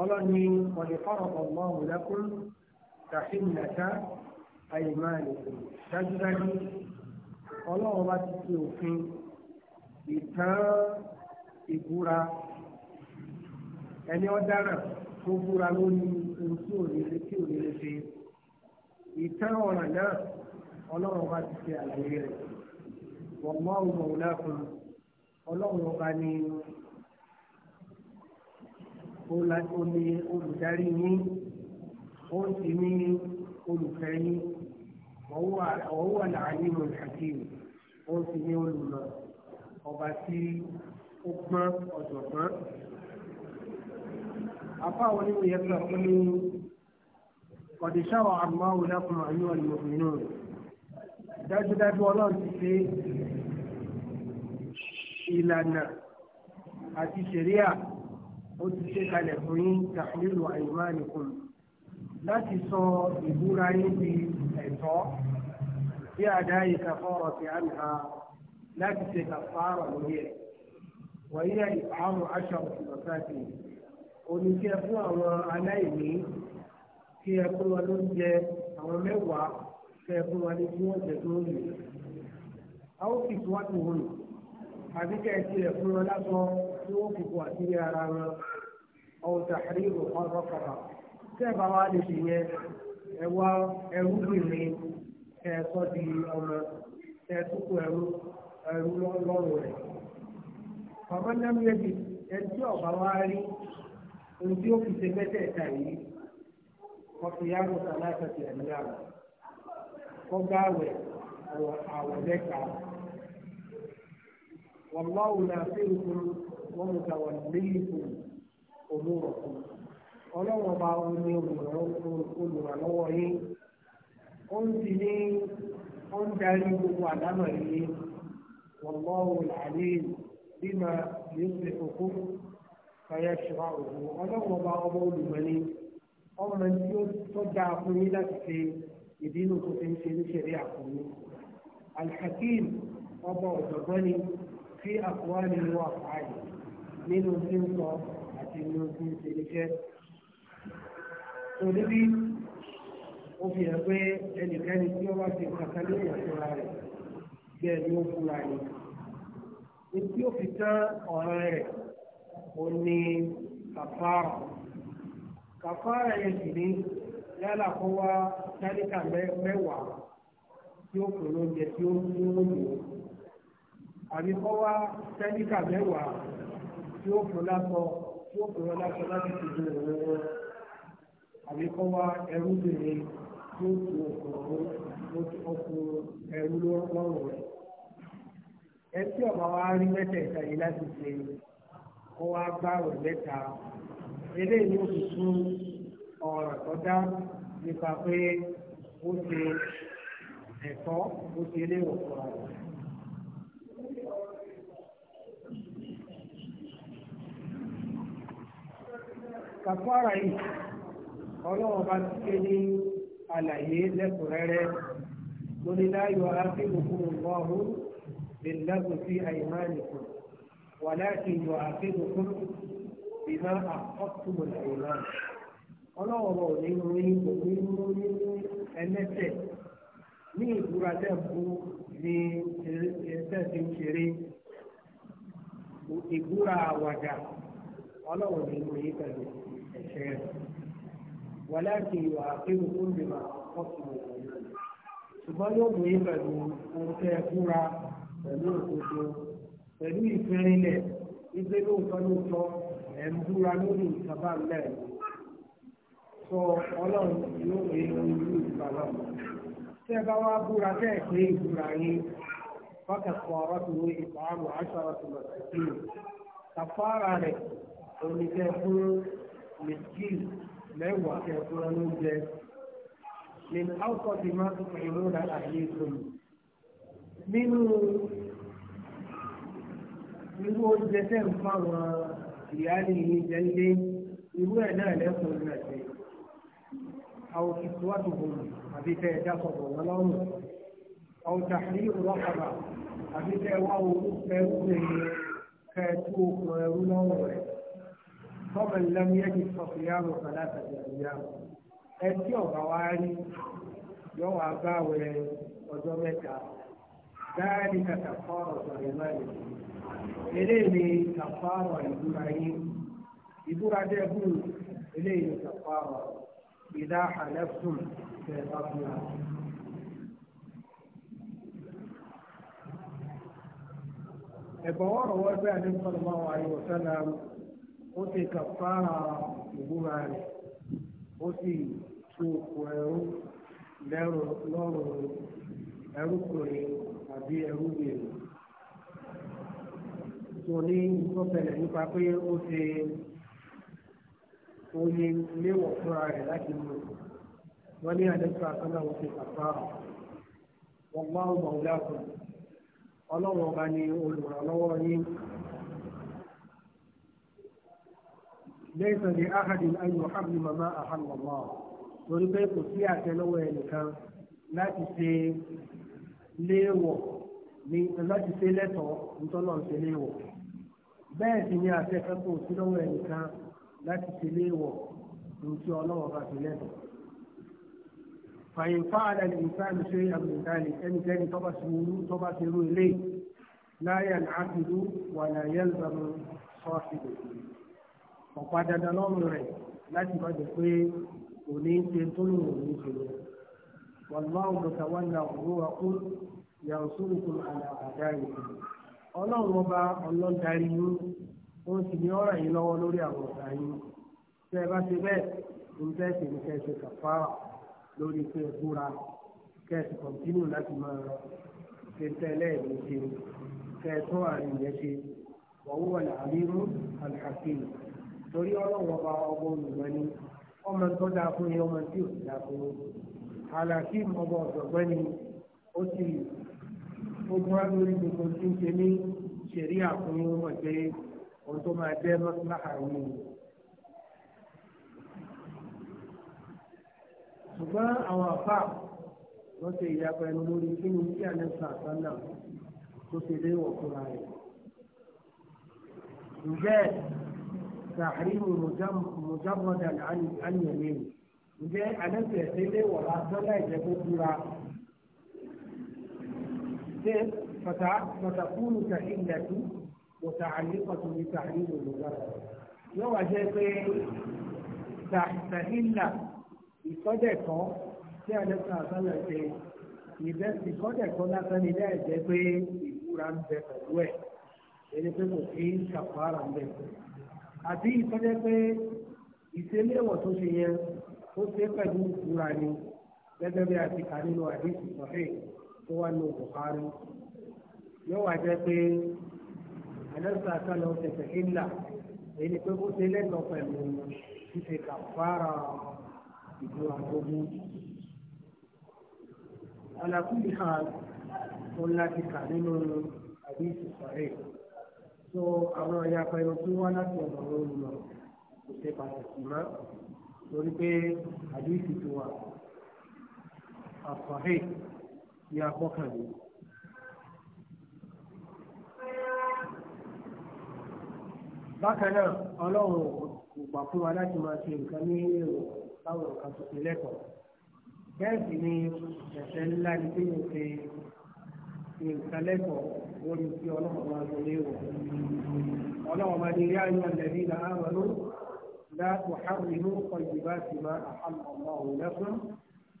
ọlọ́ni wọ̀lẹ̀ fọ́rọ̀kọ̀ الله òlẹ́kùn tàhínàtà àìmáàlì dájúdájú ọlọ́run bá ti ṣe òfin ìtàn ìbúra ẹni ọ̀daràn tó búra lórí ohun tí ò lè tí ò lè ṣe ìtàn ọ̀ràn náà ọlọ́run bá ti ṣe àlàyé rẹ̀ wọ́n mọ́ òun òun náà fún ọlọ́run ọba ní ó ní olùdarí yín ó sì ní olùfẹ́ yín wọ́n wà láàyè olùhàkìm ó sì ní olùmọ̀ ọba tí ó gbọ́n ọ̀jọ̀gbọ́n. afa wani mu ya fi kuni kọ̀dí ṣáwà àmọ́ wùdá fún àyè wọn mọ̀mìnú dájúdájú ọlọ́run ti ṣe ìlànà àti ṣẹ̀ríà ó ti ṣe kalẹ̀ fún yín tàbílù àìmánìkùn láti sọ ìbúra yín di ẹ̀tọ́ bí àdáyé kàfọ́rọ̀ ti à ń ha láti ṣe kàfárọ̀ lórí ẹ̀ wàyí àìfàánù aṣọ òṣìlọ́sáàtì òní kí ẹ fún àwọn aláìní kí ẹ fún wọn lóúnjẹ àwọn mẹ́wàá kí ẹ fún wọn ní kí wọ́n jẹ tó lè. a ó fi tuwátò wọn àbíkẹ́ ẹ ẹ fún wọn lásán. tí wọ́n fòfò àtìrí ara wọn ọ̀hún tàhírìrò ọ̀rọ̀kọ̀rọ̀ tẹ́ bá wá lè yẹn ẹ sọ di ọmọ ẹ túkú ẹrú ẹrú lọ́rùn rẹ̀. bàbá nàmíyẹ́dì ẹni wá rí wẹ̀ àwọ̀ wọ́n mú ta wà léyìnbó olórọ̀ ọlọ́run ọba omi olùrànlọ́wọ́ yín ó ń ti ní ó ń darí gbogbo àdámọ̀ yìí wọ́n lọ́wọ́ làálẹ́ bímọ yóò ṣe òkú fàyà ṣùgbọ́n òkú ọlọ́run ọba ọba olùmọ̀ni ọmọ tí ó tọ́jà fún yín láti ṣe ìdínú tó fi ń ṣe níṣẹ̀rí àkùnrin alhakim ọba ọ̀jọ̀gbọ́n ni fi àkùnrin wa fàáyé nínú tí ń sọ àti nínú tí ń ṣe níṣẹ́. Torí bí ó fi hàn pé ẹnìkẹ́ni tí ó wá ti kàkà ní ìyàtúra rẹ̀ bẹ́ẹ̀ ni ó fura ni. Etí ó fi tán ọ̀ràn rẹ̀ ó ní kàfárà. Kàfárà yẹn sì ní yálà kó wá tálíkà mẹ́wàá tí ó kò lóúnjẹ tí ó ń mú òyìnbó. Àbí kó wá tálíkà mẹ́wàá tí ó fún lásọ tí ó fún wọn lásọ láti fi ju òun wọn àbí kọ́ wá ẹrú bèrè tí ó tu ọkùnrin ọkùnrin ẹrú lọ́rùn rẹ̀. ẹ tí ọba wa rí mẹ́tẹ̀ẹ̀ta yìí láti ṣe kó wá gbá rẹ̀ mẹ́ta eléyìí ni ó fi tún ọ̀rọ̀ tó nípa pé ó ṣe ẹ̀tọ́ ó ṣe eléwọ̀ fún ara kàfàrà yìí ọlọ́run bá ti ké ní àlàyé lẹ́kùnrẹ́rẹ́ lórí láyọ̀ akéwòkú ọ̀hún bẹ̀lẹ́gùn sí àìmánìkù wàláàkì yọ̀ akéwòkú ìmá àkọ́tùmọ̀ ìmá ọlọ́run bá òní mú yín òní mú yín ẹlẹ́sẹ̀ ní ìbúra tẹ̀kú ní ẹsẹ̀ tí ń ṣeré ìbúra àwàdà ọlọ́run ní mú pẹ̀lú. الشيخ ولكن يعاقبكم بما أخذتم الأيمان ṣùgbọ́n yóò mú yín pẹ̀lú ohun tẹ́ ẹ fúnra pẹ̀lú òkòtò pẹ̀lú ìfẹ́rinlẹ̀ ibi lóòótọ́ lóòótọ́ ẹ̀ ń búra lórí ìjọba ńlẹ̀ sọ ọlọ́run yóò rí ohun ìlú tẹ́ bá wá búra tẹ́ pé ìbúra yín ọ̀rọ̀ tó ní àti fún mìsíkìn mẹ́wàá kẹfùrọ̀ ló ń jẹ ní àwùkọ́ ti máa ń pè é lóra àyè ìsòmù nínú irú oúnjẹ tẹ̀ ń fáwọn ìyáálé yìí jẹ́ ilé irú ẹ̀ náà lẹ́kùn ní ẹ̀sẹ̀ àwọn ìtúwàtò bòmù àbí tẹ́ ẹ dákọ̀ bò wọ́n lọ́rùn àwọn tàbí ìrọ́kàbà àbí tẹ́ ẹ wá owó ẹrú ẹ̀yẹ kẹ́ẹ̀tú okùn ẹrú lọ́rùn rẹ̀. فمن لم يجد فصيام ثلاثة أيام أنت يوم غواري يوم أباوي وزمك ذلك كفارة إيمانك إليني كفارة إبراهيم إبراهيم أبو إليني كفارة إذا حلفتم في قبل أبو ورواتي صلى الله عليه وسلم ó ti kàfàrà ìbúra rẹ̀ ó sì tu òkú ẹrú lẹ́rù lọ́rùn ẹrúkùnrin àbí ẹrúbìnrin. tó ní ìtọ́sẹ̀lẹ̀ nípa pé ó ti oye léwọ̀ fúnra rẹ̀ láti mú wọ́n ní àdéhùn àtọ́nà ó ti kàfàrà wọ́n gbá ọmọ ọ̀gá kan ọba ni olùrànlọ́wọ́ yín. ليس لأحد أن يحرم ما أحل الله torí pé kò sí àṣẹ lọ́wọ́ ẹnìkan láti ṣe léèwọ̀ ní láti ṣe lẹ́tọ̀ọ́ nítorí náà ṣe léèwọ̀ bẹ́ẹ̀ sì ni àṣẹ kan kò sí lọ́wọ́ ẹnìkan láti ṣe léèwọ̀ nítorí ọlọ́wọ́ bá ṣe lẹ́tọ̀ọ́. fàyìnfà àdàlẹ̀ ìsáàlù ṣe àmìlẹ́dàlẹ̀ ẹnikẹ́ni tó bá ṣe wúlú tó ṣe rú ọ̀pá dandan lọ́rùn rẹ̀ láti má jẹ́ pé kò ní ṣe tó lò wò ní ìṣòro. wàlúwàhùn lọ́tà wà ní àwòrán kú yàrá sórùkùn àlà àdá ìlú. ọlọ́run ọba ọlọ́darí yín ó sì ní ọ̀ràn yín lọ́wọ́ lórí àwọn ọ̀tá yín. tẹ́ ẹ bá ṣe bẹ́ẹ̀ ń tẹ́ ṣe ní kẹ́ ṣe lórí pé ẹ búra kẹ́ ẹ láti máa ṣe tẹ́lẹ̀ ìlú ṣe ṣe wọ́n torí ọlọ́run ọba ọgbọ́n olùgbọ́n ni ọmọ tó dáa fún yín ọmọ tí ò sì dáa fún yín alákìm ọba ọ̀dọ̀gbọ́n ni ó sì ó gbọ́n lórí gbogbo tí ń ṣe ní ṣẹ̀rí àfún yín wọ́n jẹ́ ohun tó máa jẹ́ láàárín yín. ṣùgbọ́n àwọn àfà wọ́n ṣe ìyapa ẹnu lórí kí ni kí àlẹ́sà àtàlà tó ṣe léwọ̀ fúnra rẹ̀. ǹjẹ́ التحريم مجردا عن عن يمين ǹjẹ́ àlẹ́sẹ̀ ẹ̀sẹ̀ wọ̀ lásán láì jẹ́ kó kúra ṣe pàtàkùn tàhílẹ̀tù wọ̀tà àlékọ̀tù ní tàhílù olùgbàlà yóò wá jẹ́ pé tàhílà ìkọ́dẹ̀kọ́ tí àlẹ́sẹ̀ àsánà ṣe ìbẹ́ ìkọ́dẹ̀kọ́ lásán ní láì jẹ́ pé ìkúra ń bẹ pẹ̀lú ẹ̀ ẹni pé kò sí kàfàrà ń bẹ pẹ̀lú àbí ìtọ́jẹ́ pé ìṣeléwọ̀ tó ṣe yẹn ó ṣe pẹ̀lú ìfura ni gẹ́gẹ́ bí a ti kà nínú àdéhùn sọ̀hẹ́ tó wà nínú buhari yóò wá jẹ́ pé àdéhùn àkàlọ̀ tẹ̀sẹ̀ ìlà èyí pé ó ṣe lẹ́tọ̀ pẹ̀lú ṣíṣe kàfàrà ìfura tó mú. alákùnrin kan láti kà nínú àdéhùn sọ̀hẹ́ so àwọn ọ̀yà apẹnu tó wá láti ọ̀dọ̀ àwọn olùmọ̀ kò ṣe pàtàkì mọ́ torí pé àdéhìsì ti wà àfọ̀hẹ́ ní akọ́kànlé. bákan náà ọlọ́run kò gbà fún wa láti máa ṣe nǹkan ní èrò táwọn nǹkan tuntun lẹ́kọ̀ọ́ bẹ́ẹ̀ sì ni ẹ̀sẹ̀ ńlá ni pé mo ṣe nǹkan lẹ́kọ̀ọ́ lórí tí ọlọ́run máa lò léwọ̀. ọlọ́run máa ní yáyọ ẹ̀lẹ́bí là á wọlé láti hàrù inú kọjú bá ti máa àhàmà ọ̀hún lẹ́kùn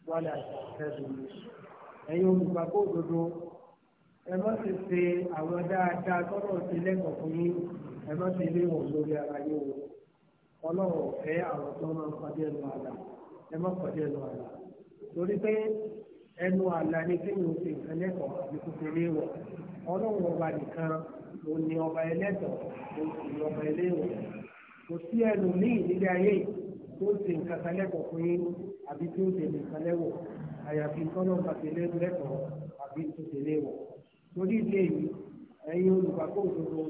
wálé àtàkẹ́dùn. ẹ̀yin olùgbàgbọ́ òdodo ẹ má ti ṣe àwọn dáadáa tọ́lọ̀ ti lẹ́kọ̀ọ́ fún yín ẹ má ti léwọ̀ lórí ara yín o. ọlọ́run ọ̀fẹ́ àwọn tó máa ń kọjá ẹnu àlà ẹ má kọjá ẹnu àlà torí pé ẹnu àlà ni kéwòn ṣe ìfẹ́ lẹ́kọ̀ọ́ àbíkú ṣe léwọ̀ ọlọ́run ọba nìkan ló ní ọba ẹlẹ́tọ̀ ló sì ní ọba ẹlẹ́wọ̀ kò sí ẹnu ní ìdílé ayé tó ṣe nǹkan kan lẹ́kọ̀ọ́ fún yín àbí tó ṣe nǹkan lẹ́wọ̀ àyàfi tọ́lọ́ bàtẹ́lẹ́ lẹ́kọ̀ọ́ àbí tó ṣe léwọ̀ torí ilé yìí ẹ̀yin olùgbàgbọ́ òdodo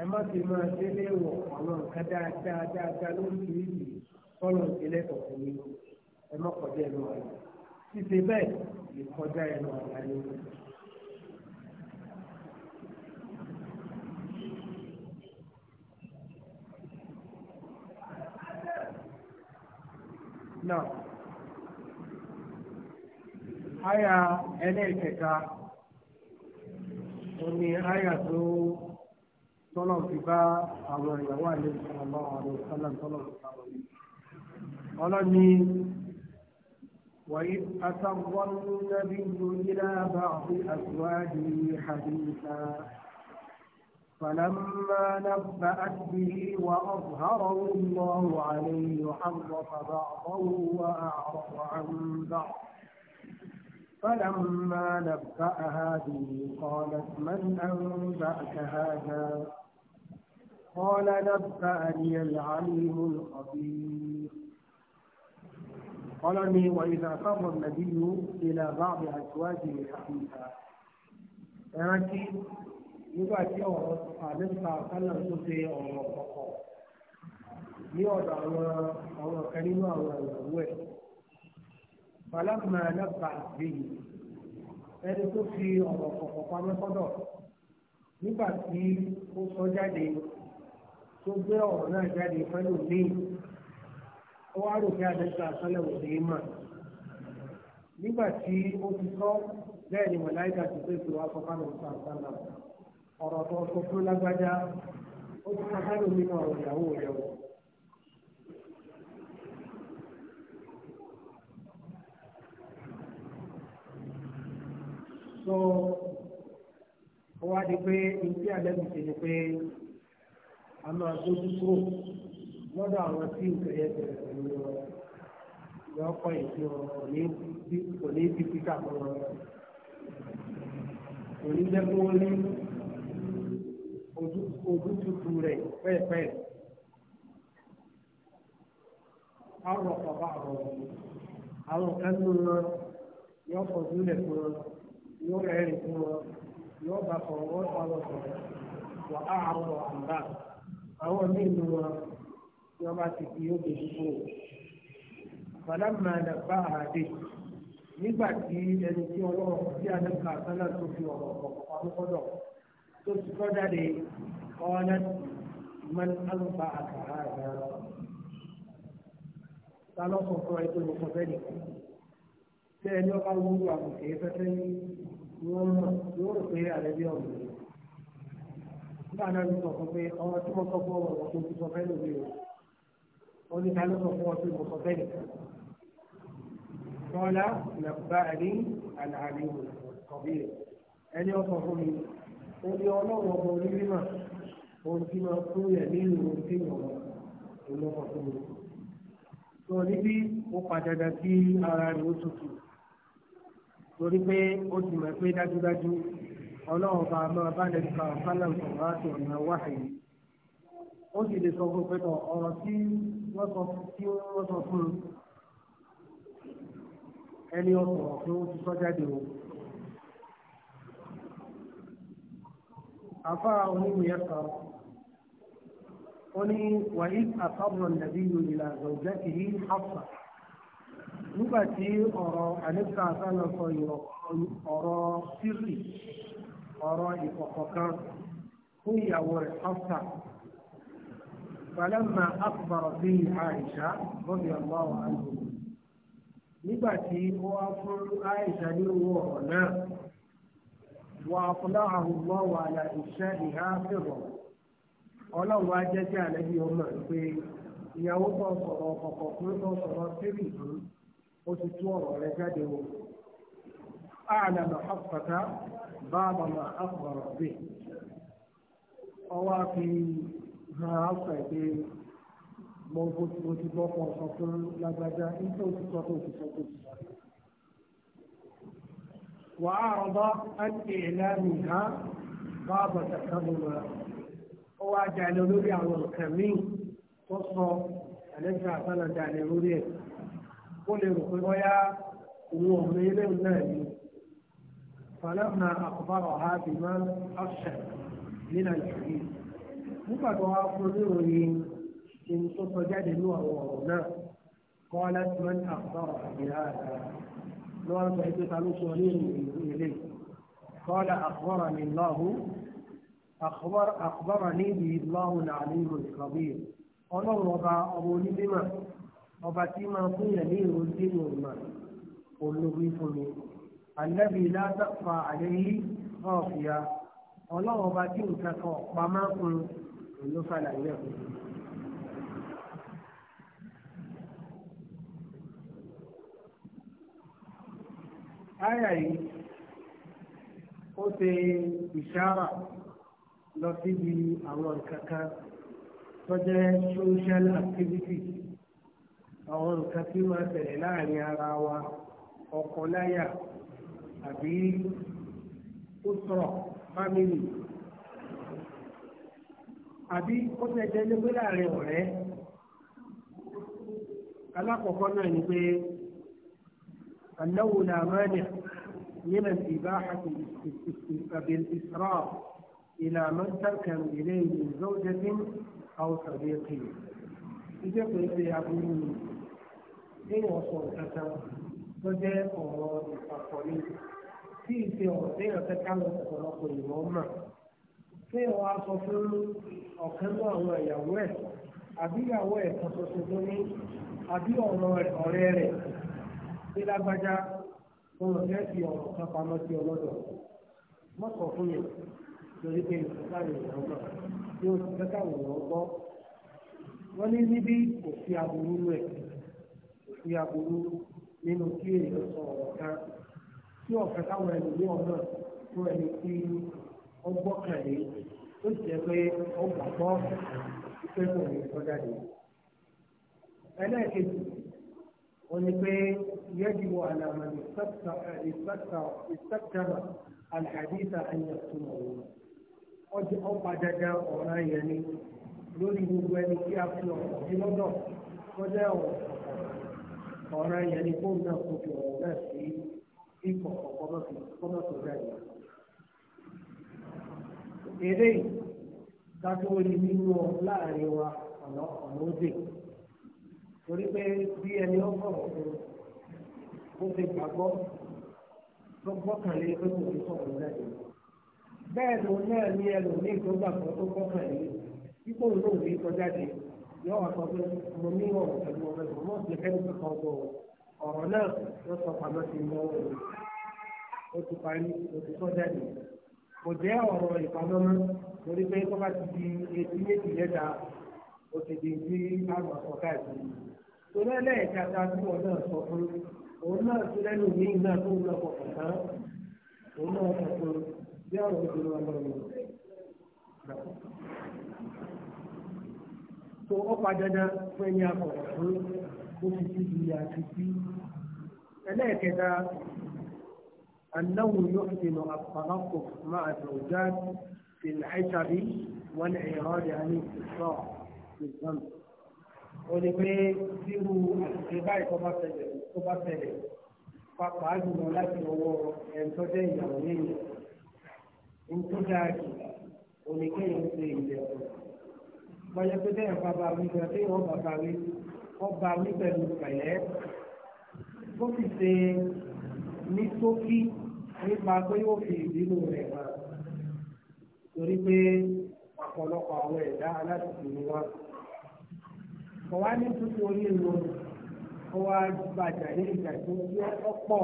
ẹ má ti máa ṣe léwọ̀ àwọn nǹkan dáadáa dáadáa lóríṣiríṣi tọ́lọ̀ ìṣẹ̀lẹ̀ kọ̀ọ̀kan ni ẹ má kọjá ẹnu àlá ṣíṣe bẹ́ẹ̀ lè kọjá ẹnu àlá ni. sísà àyà ẹlẹ́ẹ̀kẹta ó ní àyà tó tọ́lọ̀ fi bá àwọn ìyàwó àlejò àwọn àwọn ìsọ́lá tọ́lọ̀ fi bá wọn. ọlọ́ni وإذ أسر النبي إلى بعض أزواجه حديثا فلما نبأت به وأظهره الله عليه حرف بعضه وأعرض عن بعض فلما نبأها به قالت من أنبأك هذا قال نبأني العليم الخبير قال لي وإذا أقر النبي إلى بعض أزواجه حديثا nígbà tí ọ̀rọ̀ àdéhùn àkànnà tó ṣe ọ̀rọ̀ ọ̀kọ̀ ní ọ̀dọ̀ àwọn àwọn kan nínú àwọn ìyàwó ẹ̀. Bàlámà lábà lèyìn ẹni tó fi ọ̀rọ̀ ọ̀kọ̀ pamọ́ sọ́dọ̀ nígbà tí ó sọ jáde tó gbé ọ̀rọ̀ náà jáde pẹ̀lú míì ó wá rò pé àdéhùn àkànnà ò ní mà. Nígbà tí ó ti sọ bẹ́ẹ̀ ni mọ̀láìkà ti pèsè wá fọ́kànnà ìfàǹsánà ọ̀rọ̀ tó sọ fún lágbájá ó ti kọ́kọ́ lómi náà ọ̀rọ̀ ìyàwó rẹ̀ wọ̀. so ó wá di pé ibi àlẹ́kùn ti ni pé a máa dójú kúrò lọ́dọ̀ àwọn tí nǹkan yẹn bẹ̀rẹ̀ pẹ̀lú wọn yọ ọkọ ìdí wọn kò ní bí kíkà fún wọn kò ní jẹ́ kó rí. ojútùtù rẹ̀ pẹ́ẹ́pẹ́ àwọn ọ̀pá àwọn àwọn kan nínú wọn yóò fojú lẹ̀ fún wọn yóò rẹ́rìn fún wọn yóò wà á àwọn àǹbá àwọn míì nínú wọn bá ti fi yóò dojú fún wọn. Bàlámà àdé nígbà tó ti kọ́ jáde ọ̀nà man alùpà àkàrà àgbà ta lọ sọ fún ẹ pé mo kọ fẹ́ nìkan tẹ ẹni ọba wúwo àbùkẹ́ fẹ́fẹ́ wọn mọ̀ yóò rò pé àlẹ́ bí ọ̀gbìn nígbà náà ló sọ fún pé ọmọ tí mo sọ fún ọmọ ọmọ tó ti sọ fẹ́ lómi o ó ní ta ló sọ fún ọ pé mo sọ nìkan kọ́lá nàbàdí àlàáfíà kọ̀bí ẹni ọkọ̀ fún mi orí ọlọ́run ọmọ orí mà ohun tí máa fún yẹn nínú ohun tí yàn wọ́n olóko fún mi. sọ níbí ó padàdà sí ara rẹ̀ ó tutù torí pé ó ti mọ̀ pé dájúdájú ọlọ́run bá máa bá lè fa fálàǹsì wá sí ọ̀nà wáhìí. ó sì lè sọ fún pé ọ̀rọ̀ tí wọ́n sọ fún un ẹni ọkọ̀ ọ̀fun ti sọ jáde òun. afárá onímúyẹ kan ó ní wàhíd àtàbọ̀ nàbí yorùbá ọ̀jẹ́ kìí hafsa nígbà tí ọ̀rọ̀ àlẹ́sà sálọ sọ ọ̀rọ̀ sírì ọ̀rọ̀ ìkọ̀kọ̀ kan fún ìyàwó rẹ̀ hafsa falẹ́mà akbọ̀rọ̀ sí àìsà bọ́bí ọ̀gbọ́n àlùkò nígbà tí ó fún àìsà nínú ọ̀rọ̀ náà. وأطلعه الله على إنشائها سرا ọlọ́run wá jẹ́ kí àlẹ́bí ọmọ ẹ̀ pé ìyàwó tó sọ̀rọ̀ ọ̀kọ̀ọ̀kọ̀ fún tó sọ̀rọ̀ sírì fún ó ti tú ọ̀rọ̀ rẹ jáde o. ààlà mà àfàtà báàbà mà àfọ̀rọ̀ وعرض عن إعلامها بعض تكرمها هو أجعل على الكمين تصر أليس أعطانا أجعل لوري قل رقيا ومين النبي فلما أخبرها بما أرشد من الحديث nígbà tó wá fún oníròyìn ẹni tó sọ jáde ní ló wá ń sọ pé ta ló sọ ní ìlú ilé kọ́lá àkọ́rọ̀ ní lọ́hù àkọ́rọ̀ ní ìlú lọ́hù nàánú ìlú ìkọ̀bí ọlọ́run ọba ọmọ onídìmọ̀ ọba tí máa fún yẹn ní ìròyìn tí mo mọ̀ olórí fún mi àlẹ́bí látàkùn àlẹ́yìn ọ̀fìyà ọlọ́run ọba tí nǹkan kan pamọ́ fún olófàlàyé ọ̀hún. àyà yìí ó ṣe ìṣàrà lọ síbi àwọn nǹkan kan tó jẹ́ social activity àwọn nǹkan tí máa tẹ̀lé láàrin ara wa ọkọ láyà àbí ó sọ̀rọ̀ family àbí ó tẹ̀lé nígbẹ́ láàrin ọ̀rẹ́ alákọ̀ọ́kọ́ náà ni pé. أنه لا مانع من الإباحة بالإسراف إلى من ترك إليه من زوجة أو صديق إذا قلت يا أبني إن وصلتك فجاء الله الفقرين في في أعطينا تكلم أطلاق اليوم في وعصف أقنع ويوم أبي يوم تصدقني أبي أمر أريري bí lágbájá ọ̀rọ̀ fi ọ̀rọ̀ kan pamọ́ sí ọlọ́dọ̀ mọ́ fún yẹn lórí pé ìfúnpá ènìyàn náà tí ó ti fẹ́ká òwúrọ̀ gbọ́ wọ́n ní níbí kò fi aburú rẹ̀ kò fi aburú nínú kí èèyàn sọ ọ̀rọ̀ kan tí ọ̀fẹ́ káwọn ẹlòmíì ọ̀nà fún ẹni tí ọgbọ́n kan ó sì jẹ́ pé ọgbà gbọ́ pé kò ní kọjá lè. ẹlẹ́ẹ̀kejì ونبي ní على yẹ́dìwò àlàmàlì ìsàkàmà alhadisa ẹ̀yà túmọ̀ wọn. ó pa dandan ọ̀ràn yẹn ni lórí gbogbo ẹni tí a fi ọ̀rọ̀ sí lọ́dọ̀ kọjá ọ̀ràn yẹn ni fóun náà kò fi ọ̀rọ̀ náà sí ikọ̀ kọ́mọ́tò jáde. èdè ìdájọ́ ni nínú láàrin wa ọ̀nà ọ̀nà ó dé torí pé bí ẹni ó bọ̀ ó ti gbàgbọ́ tó gbọ́kànlé pé kò ní sọ̀rọ̀ jáde. bẹ́ẹ̀ ló náà ní ẹlòmíì tó gbàgbọ́ tó gbọ́kànlé kíkó ló ń rí kọjáde yóò wá sọ pé mo ní ọ̀rọ̀ pẹ̀lú ọ̀rẹ́ mi mo ti fẹ́ẹ́ sọ ọ̀rọ̀ ọ̀rọ̀ náà ló sọ pamọ́ sí mi ọ̀rọ̀ mi ó ti parí ó ti sọ jáde kò jẹ́ ọ̀rọ̀ ìpamọ́mọ́ torí pé tó bá ti di etí méjì lẹ́ta ó ti di bí àgbà sọ káàkiri. Tolẹ́ lẹ́ẹ̀kata tí wọ́n náà sọ fún òun náà tún lẹ́nu ní iná tó ń lọ pọ̀pọ̀ tán òun náà sọ fún bí ọ̀rọ̀ ìdúró ọlọ́run. Tó ó pa dandan fún ẹni akọ̀rọ̀ fún ó ti ti di àti sí. Ẹlẹ́ẹ̀kẹta أنه يحسن التنقف مع الزوجات في العشر والإعراض عن الاستفسار ìsàn ó ní pé irú àṣìṣe báyìí tó bá ṣẹlẹ̀ tó bá ṣẹlẹ̀ pàápàá jùlọ láti ọwọ́ ẹ̀ńtọ́ jẹ́ ìyàwó lẹ́yìn ntó dáa jù oníkéyìn ń ṣe ìlẹ̀kùn bọ́yá pé bẹ́ẹ̀ bàbá mi gbà pé wọ́n bàbá mi ọba mi pẹ̀lú pẹ̀lẹ́ ó sì ṣe ní sókí nípa pé yóò fi ìdílé rẹ̀ hàn torí pé ọ̀pọ̀lọpọ̀ àwọn ẹ̀dá aláṣẹ ni wọ́n kò wá ní tuntun orí ìlú kó wá bàjẹ́ ní ìjà tó yẹ ọ̀pọ̀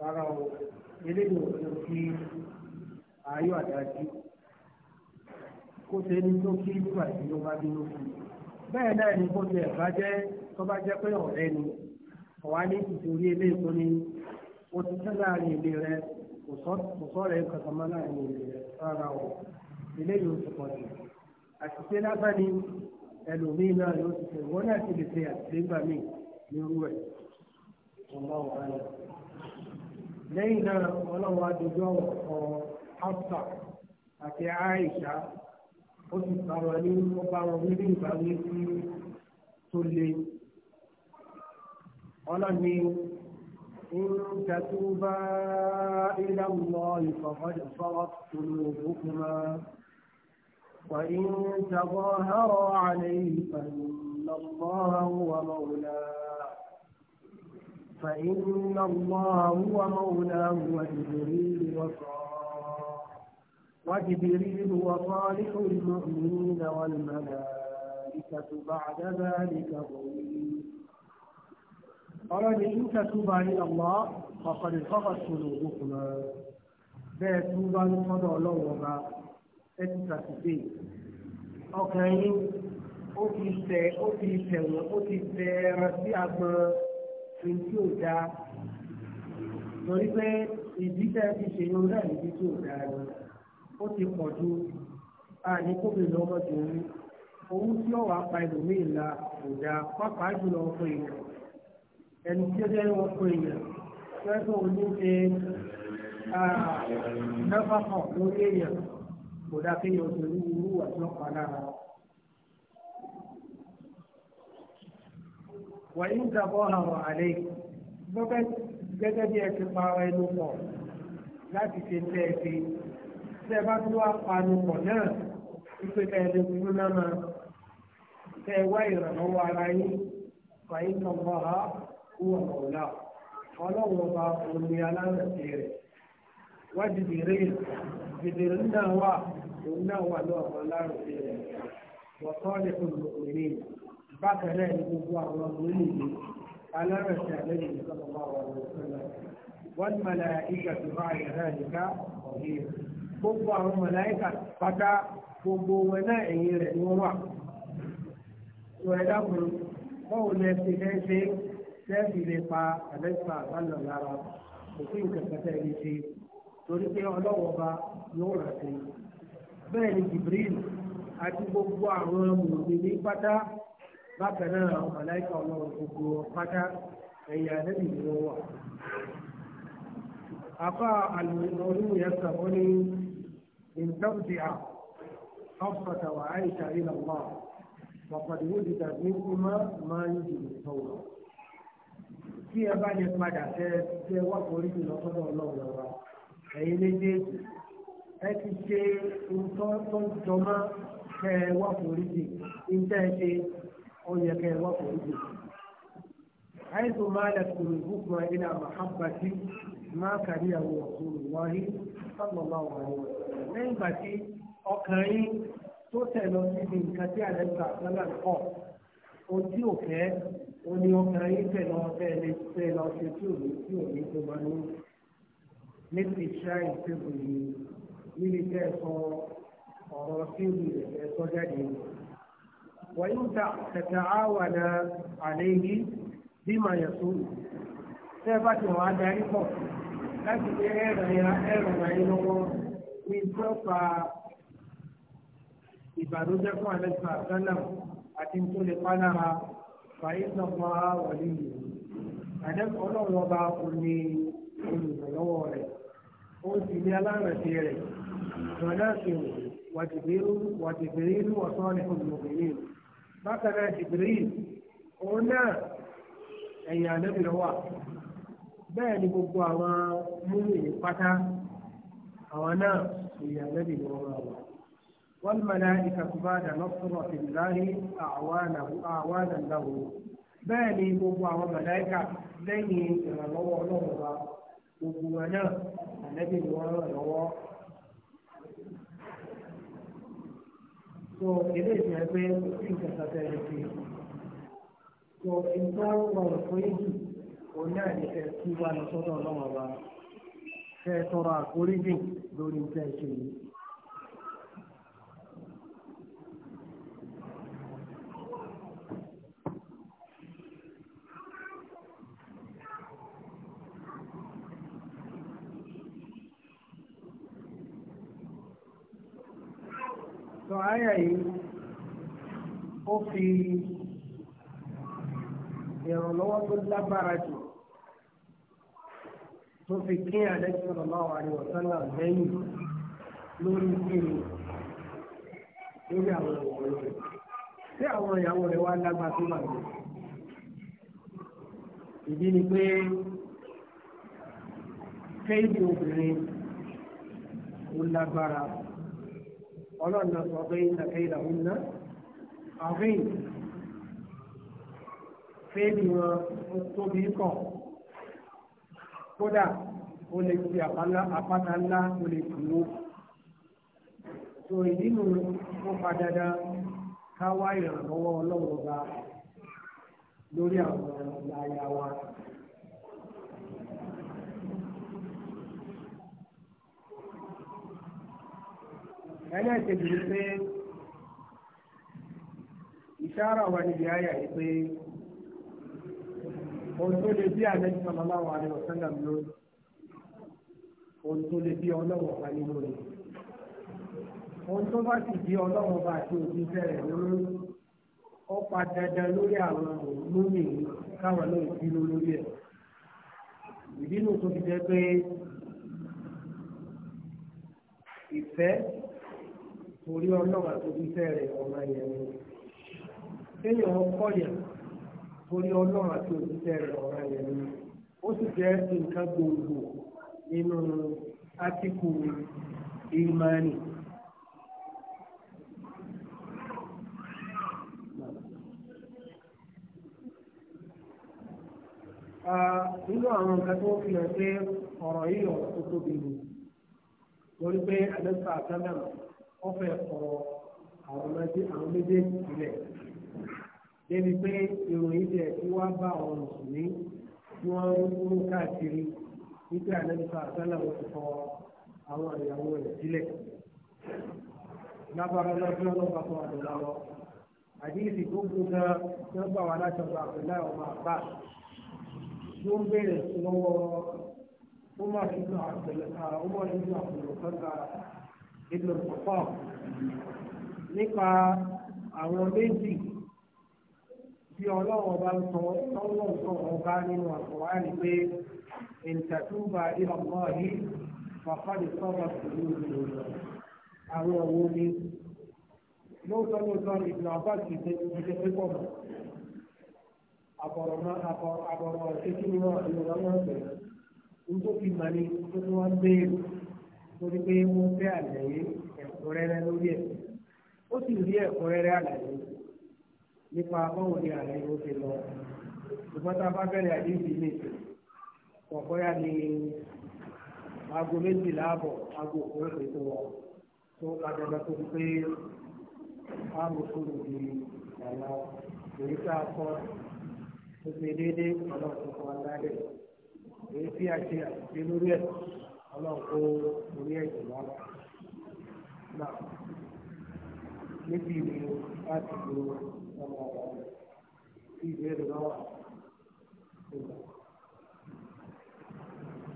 rárá o eléyìí ò tó fi ayọ̀ àdájú kó ṣe ní tó kí nígbà tí ó bá dúró fún un bẹ́ẹ̀ náà ni kó ṣe ẹ̀fá jẹ́ tó bá jẹ́ pé ọ̀rẹ́ ni kò ní tuntun orí eléyìí tó ní o ti tẹ́ láàrin ilé rẹ kò sọ̀rọ̀ ẹ̀ kankan mọ́ láàrin ilé rẹ rárá o eléyìí ò ti pọ̀ jù àti pé lábẹ́ ni ẹlòmíì náà yóò ti tẹ̀ wọ́n náà ti lè ṣe àtìlẹ́gbà míì nírú ẹ̀ ọmọ wa ni. lẹ́yìn náà ọlọ́run adójú ọ̀rọ̀ hafsa àti aisha ó ti bá ní wọ́n wọn nílé ìbáwí sí tó le. ọlọ́ni إن تتوبا إلى الله فقد صغت قلوبكما وإن تظاهر عليه فإن الله هو مولاه فإن الله هو مولاه وجبريل وصالح وجبريل وصالح المؤمنين والملائكة بعد ذلك ظهير قال إن تتوبا إلى الله فقد صغت قلوبكما بيتوبا صدى الله thirty thirty day ọkàn yín ó ti tẹ ó ti tẹ̀wọ̀n ó ti tẹ ẹran sí agbọn ohun tí ò dáa torí pé ìdí tẹ́ ṣe yóò náà níbi tí ò dáa ni ó ti pọ̀ ju àní kóbìnrin ọmọdé orí owó tí ó wàá pa ẹlòmíì la kò dáa pàápàá jùlọ ọkọ èèyàn ẹni tí ó jẹ́ ọkọ èèyàn fẹ́ẹ́ tó ní ṣe náfàkọ̀ ah, lórí èèyàn kò dá kéèyàn ṣe irú irú àti ọ̀pá lára. wàyí ń dàbọ̀ àwọn àlẹ́ gbọ́dọ̀ gẹ́gẹ́ bí ẹ ti pa ara ẹnu pọ̀ láti ṣe tẹ́ ẹ fi tẹ́ ẹ bá tún wá pa ẹnu pọ̀ náà wípé ká ẹ lè kúrú náà tẹ́ ẹ wá ìrànlọ́wọ́ ara yín wàyí ń dàbọ̀ àwọn òwò ọ̀la ọlọ́run ọba òun ni alárẹ̀sẹ̀ rẹ̀ wá dìbìrì dìbìrì náà wà òun náà wà lọ́wọ́ àwọn alárùn rẹ̀ wọ́sọ́ọ̀lẹ̀ olùkùnrin bákan náà ní gbogbo àwọn olóyìn ní alárùn rẹ̀ lẹ́yìn ìsọ́nà wà wọ́n mọ̀lá ìgbà tó bá àyàrá nìka ọ̀hìn gbogbo àwọn mọ̀láìkà pátá gbogbo wọn náà ẹ̀yìn rẹ̀ ni wọ́n wà. Sọ ẹ dákun, báwo lẹ ṣe fẹ́ ṣe tẹ́ẹ̀bì lè pa àlẹ́sà torí pé ọlọ́wọ́ bá yóò rà sí i bẹ́ẹ̀ ni jibril àti gbogbo àwọn mùsùlùmí pátá bákan náà àwọn màláìka ọlọ́run gbogbo pátá ẹ̀yà lẹ́yìn ni wọ́n wà. afa alùpùpù yẹn kà wọ́n ní ìtọ́síà ọ̀fọ̀tà wà áìsà ìlà wà wàpàdé ti dàbí kúmá máa ń jìnnà sọ̀rọ̀. tí ẹ bá lè padà tẹ tẹ wá forí jùlọ sọ́dọ̀ ọlọ́run wa ẹ̀yin méjèèjì ẹ ti ṣe nǹkan tó jọmọ́ kẹ ẹ wá foríjì níta ẹ ṣe ó yẹ kẹ ẹ wá foríjì. حيث مالت قلوبكما إلى محبة ما كرهه رسول الله صلى الله عليه وسلم لين باتي أكرهين tó tẹ̀lọ síbi nǹkan tí àlẹ́sà àtàlà kọ̀ ojú òfẹ́ oní ọkùnrin tẹ̀lọ ọbẹ̀ lè tẹ̀lọ ṣe tí òní tí òní tó máa ní níbi iṣẹ́ ìṣègùn yìí níbi tẹ́ ẹ sọ ọ̀rọ̀ síbi rẹ̀ ẹ sọ jáde. wàyí ń tẹ̀tẹ̀ àwà náà àlẹ́ yìí bí màá yẹ sóòlù tẹ́ ẹ bá ti wọ́n á darí pọ̀ láti gbé ẹ̀rọ ẹ̀rọ ayé lọ́wọ́ ní ìjọba ìbàdójẹ́ fún àlẹ́sà àtàlà àti tó lè pálára fàyínà máa wà nílùú. àdẹ́kọ̀ọ́ náà wọ́n bá kú ní olùrànlọ́wọ́ rẹ̀ ó sì ní alárànṣe rẹ̀ mọ̀láṣẹ́ wàjìbìrínú ọ̀sán ìfọ̀mọ̀bìnrin bákan náà jìbìrín òun náà ẹ̀yìn ànábì lọ́wọ́ bẹ́ẹ̀ ni gbogbo àwọn múlùmí pátá àwọn náà ẹ̀yìn ànábì lọ́wọ́ wà. والملائكة بعد نصرة الله أعوانه أعوانا له بني بوبا وملائكة لن يتنظر لهم gbogbo wọn náà ànábì ni wọn ràn lọ́wọ́. so ilé ìfihàn pé kò sí nǹkan sáfẹ́ rẹ̀ sí i. so fún yíjù òun náà ní fẹ́ kí wà lọ sọ́dọ̀ ọlọ́wọ́ wa fẹ́ tọrọ àforíjì lórí nǹkan ìṣèlú. yìí ó fi ìrànlọ́wọ́ tó lágbára jù tó fi kí àdéhùn sallallahu alaihi wasallam lẹ́yìn lórí kíni lórí àwọn ìwọ̀n rẹ̀ tí àwọn ìyàwó rẹ̀ wá lágbá tó bàjẹ́. ìdí ni pé kéèdì obìnrin ó lágbára ọlọ́run náà sọ pé ìtàkẹ́ ìdààmú náà àfihàn fẹ́ẹ̀lì wọn tóbi kọ̀ kódà o lè fi àpáta ńlá o lè dúró tó ìdí nu ó pa dandan ká wá ìrànlọ́wọ́ ọlọ́run ọba lórí àwọn ọ̀la ya wa. ẹlẹ́ẹ̀kejì ni pé ìṣára wa níbi ayà yìí pé ohun tó lè bí àlejò sọlọ́láwọ̀ àlejò sọ́lá lórí ohun tó lè bí ọlọ́wọ̀ wa nínú rẹ̀ ohun tó bá sì bí ọlọ́wọ̀ bá àti òbí bẹ̀rẹ̀ lórí ó pa dandan lórí àwọn lómi káwọn náà bínú lórí ẹ̀ ìbínú tó fi jẹ́ pé ìfẹ́ torí ọlọ́run àtòjíṣẹ́ rẹ̀ ọ̀nà yẹn ni kéèyàn kọ́yà torí ọlọ́run àtòjíṣẹ́ rẹ̀ ọ̀nà yẹn ni ó sì jẹ́ nǹkan gbòógbò nínú átíkù ìmánì. nínú àwọn nǹkan tó fi hàn pé ọ̀rọ̀ yìí ọ̀rọ̀ tó tóbi ni lórí pé àlẹ́ àtàlẹ́ mọ̀. ó fẹ́ kọ àwọn méjèèjì sílẹ̀ débi pé ìròyìn tẹ̀ tí wọ́n bá àwọn mùsùlùmí tí wọ́n ń káàkiri wípé àlẹ́lẹ́fà àtàlà wọn ti kọ àwọn ìyàwó rẹ̀ sílẹ̀. lábára lọ́jọ́ ọlọ́pàá tó wà lọ. àdéhìsì gbogbo gan tí wọ́n gbà wá láti ọba àpẹlẹ ọmọ àbá tí ó ń bèrè lọ́wọ́ ó fi àpẹlẹ àpẹlẹ ibn al-Khattab nípa àwọn méjì tí ọlọ́run ọba ń sọ tọ́wọ́ sọ ọba nínú àkùránì pé ìtàtúbà ìlọ́mọ yìí fàfàdé sọ́wọ́ pẹ̀lú ìlú àwọn òwò ni lóòótọ́ lóòótọ́ ìbùnà ọba kì í ṣe ìṣe pípọ̀ mọ́ àbọ̀rọ̀ máa àbọ̀rọ̀ àbọ̀rọ̀ ṣé kí ni wọ́n àti ìwà máa bẹ̀rẹ̀ nítorí màní tó ti wá ń béèrè. torí pé ó fẹ́ àlàyé ẹ̀kúnrẹ́rẹ́ lórí ẹ̀ ó sì rí àlàyé nípa ni àlàyé ó ti lọ ṣùgbọ́n tá a bá bẹ̀rẹ̀ àdéhùn ní kọ̀ọ̀kọ́yà ni aago méjìlá àbọ̀ aago òkúrò pé tó wọ̀ tó padà lọ tó pé aago kúrò di èyí tá a kọ́ tó déédéé a ṣe ọlọ́run kó orí ẹ̀jẹ̀ lára náà níbi ìlú láti lo ọmọ ọ̀rọ̀ ìbéèrè náà wà nígbà.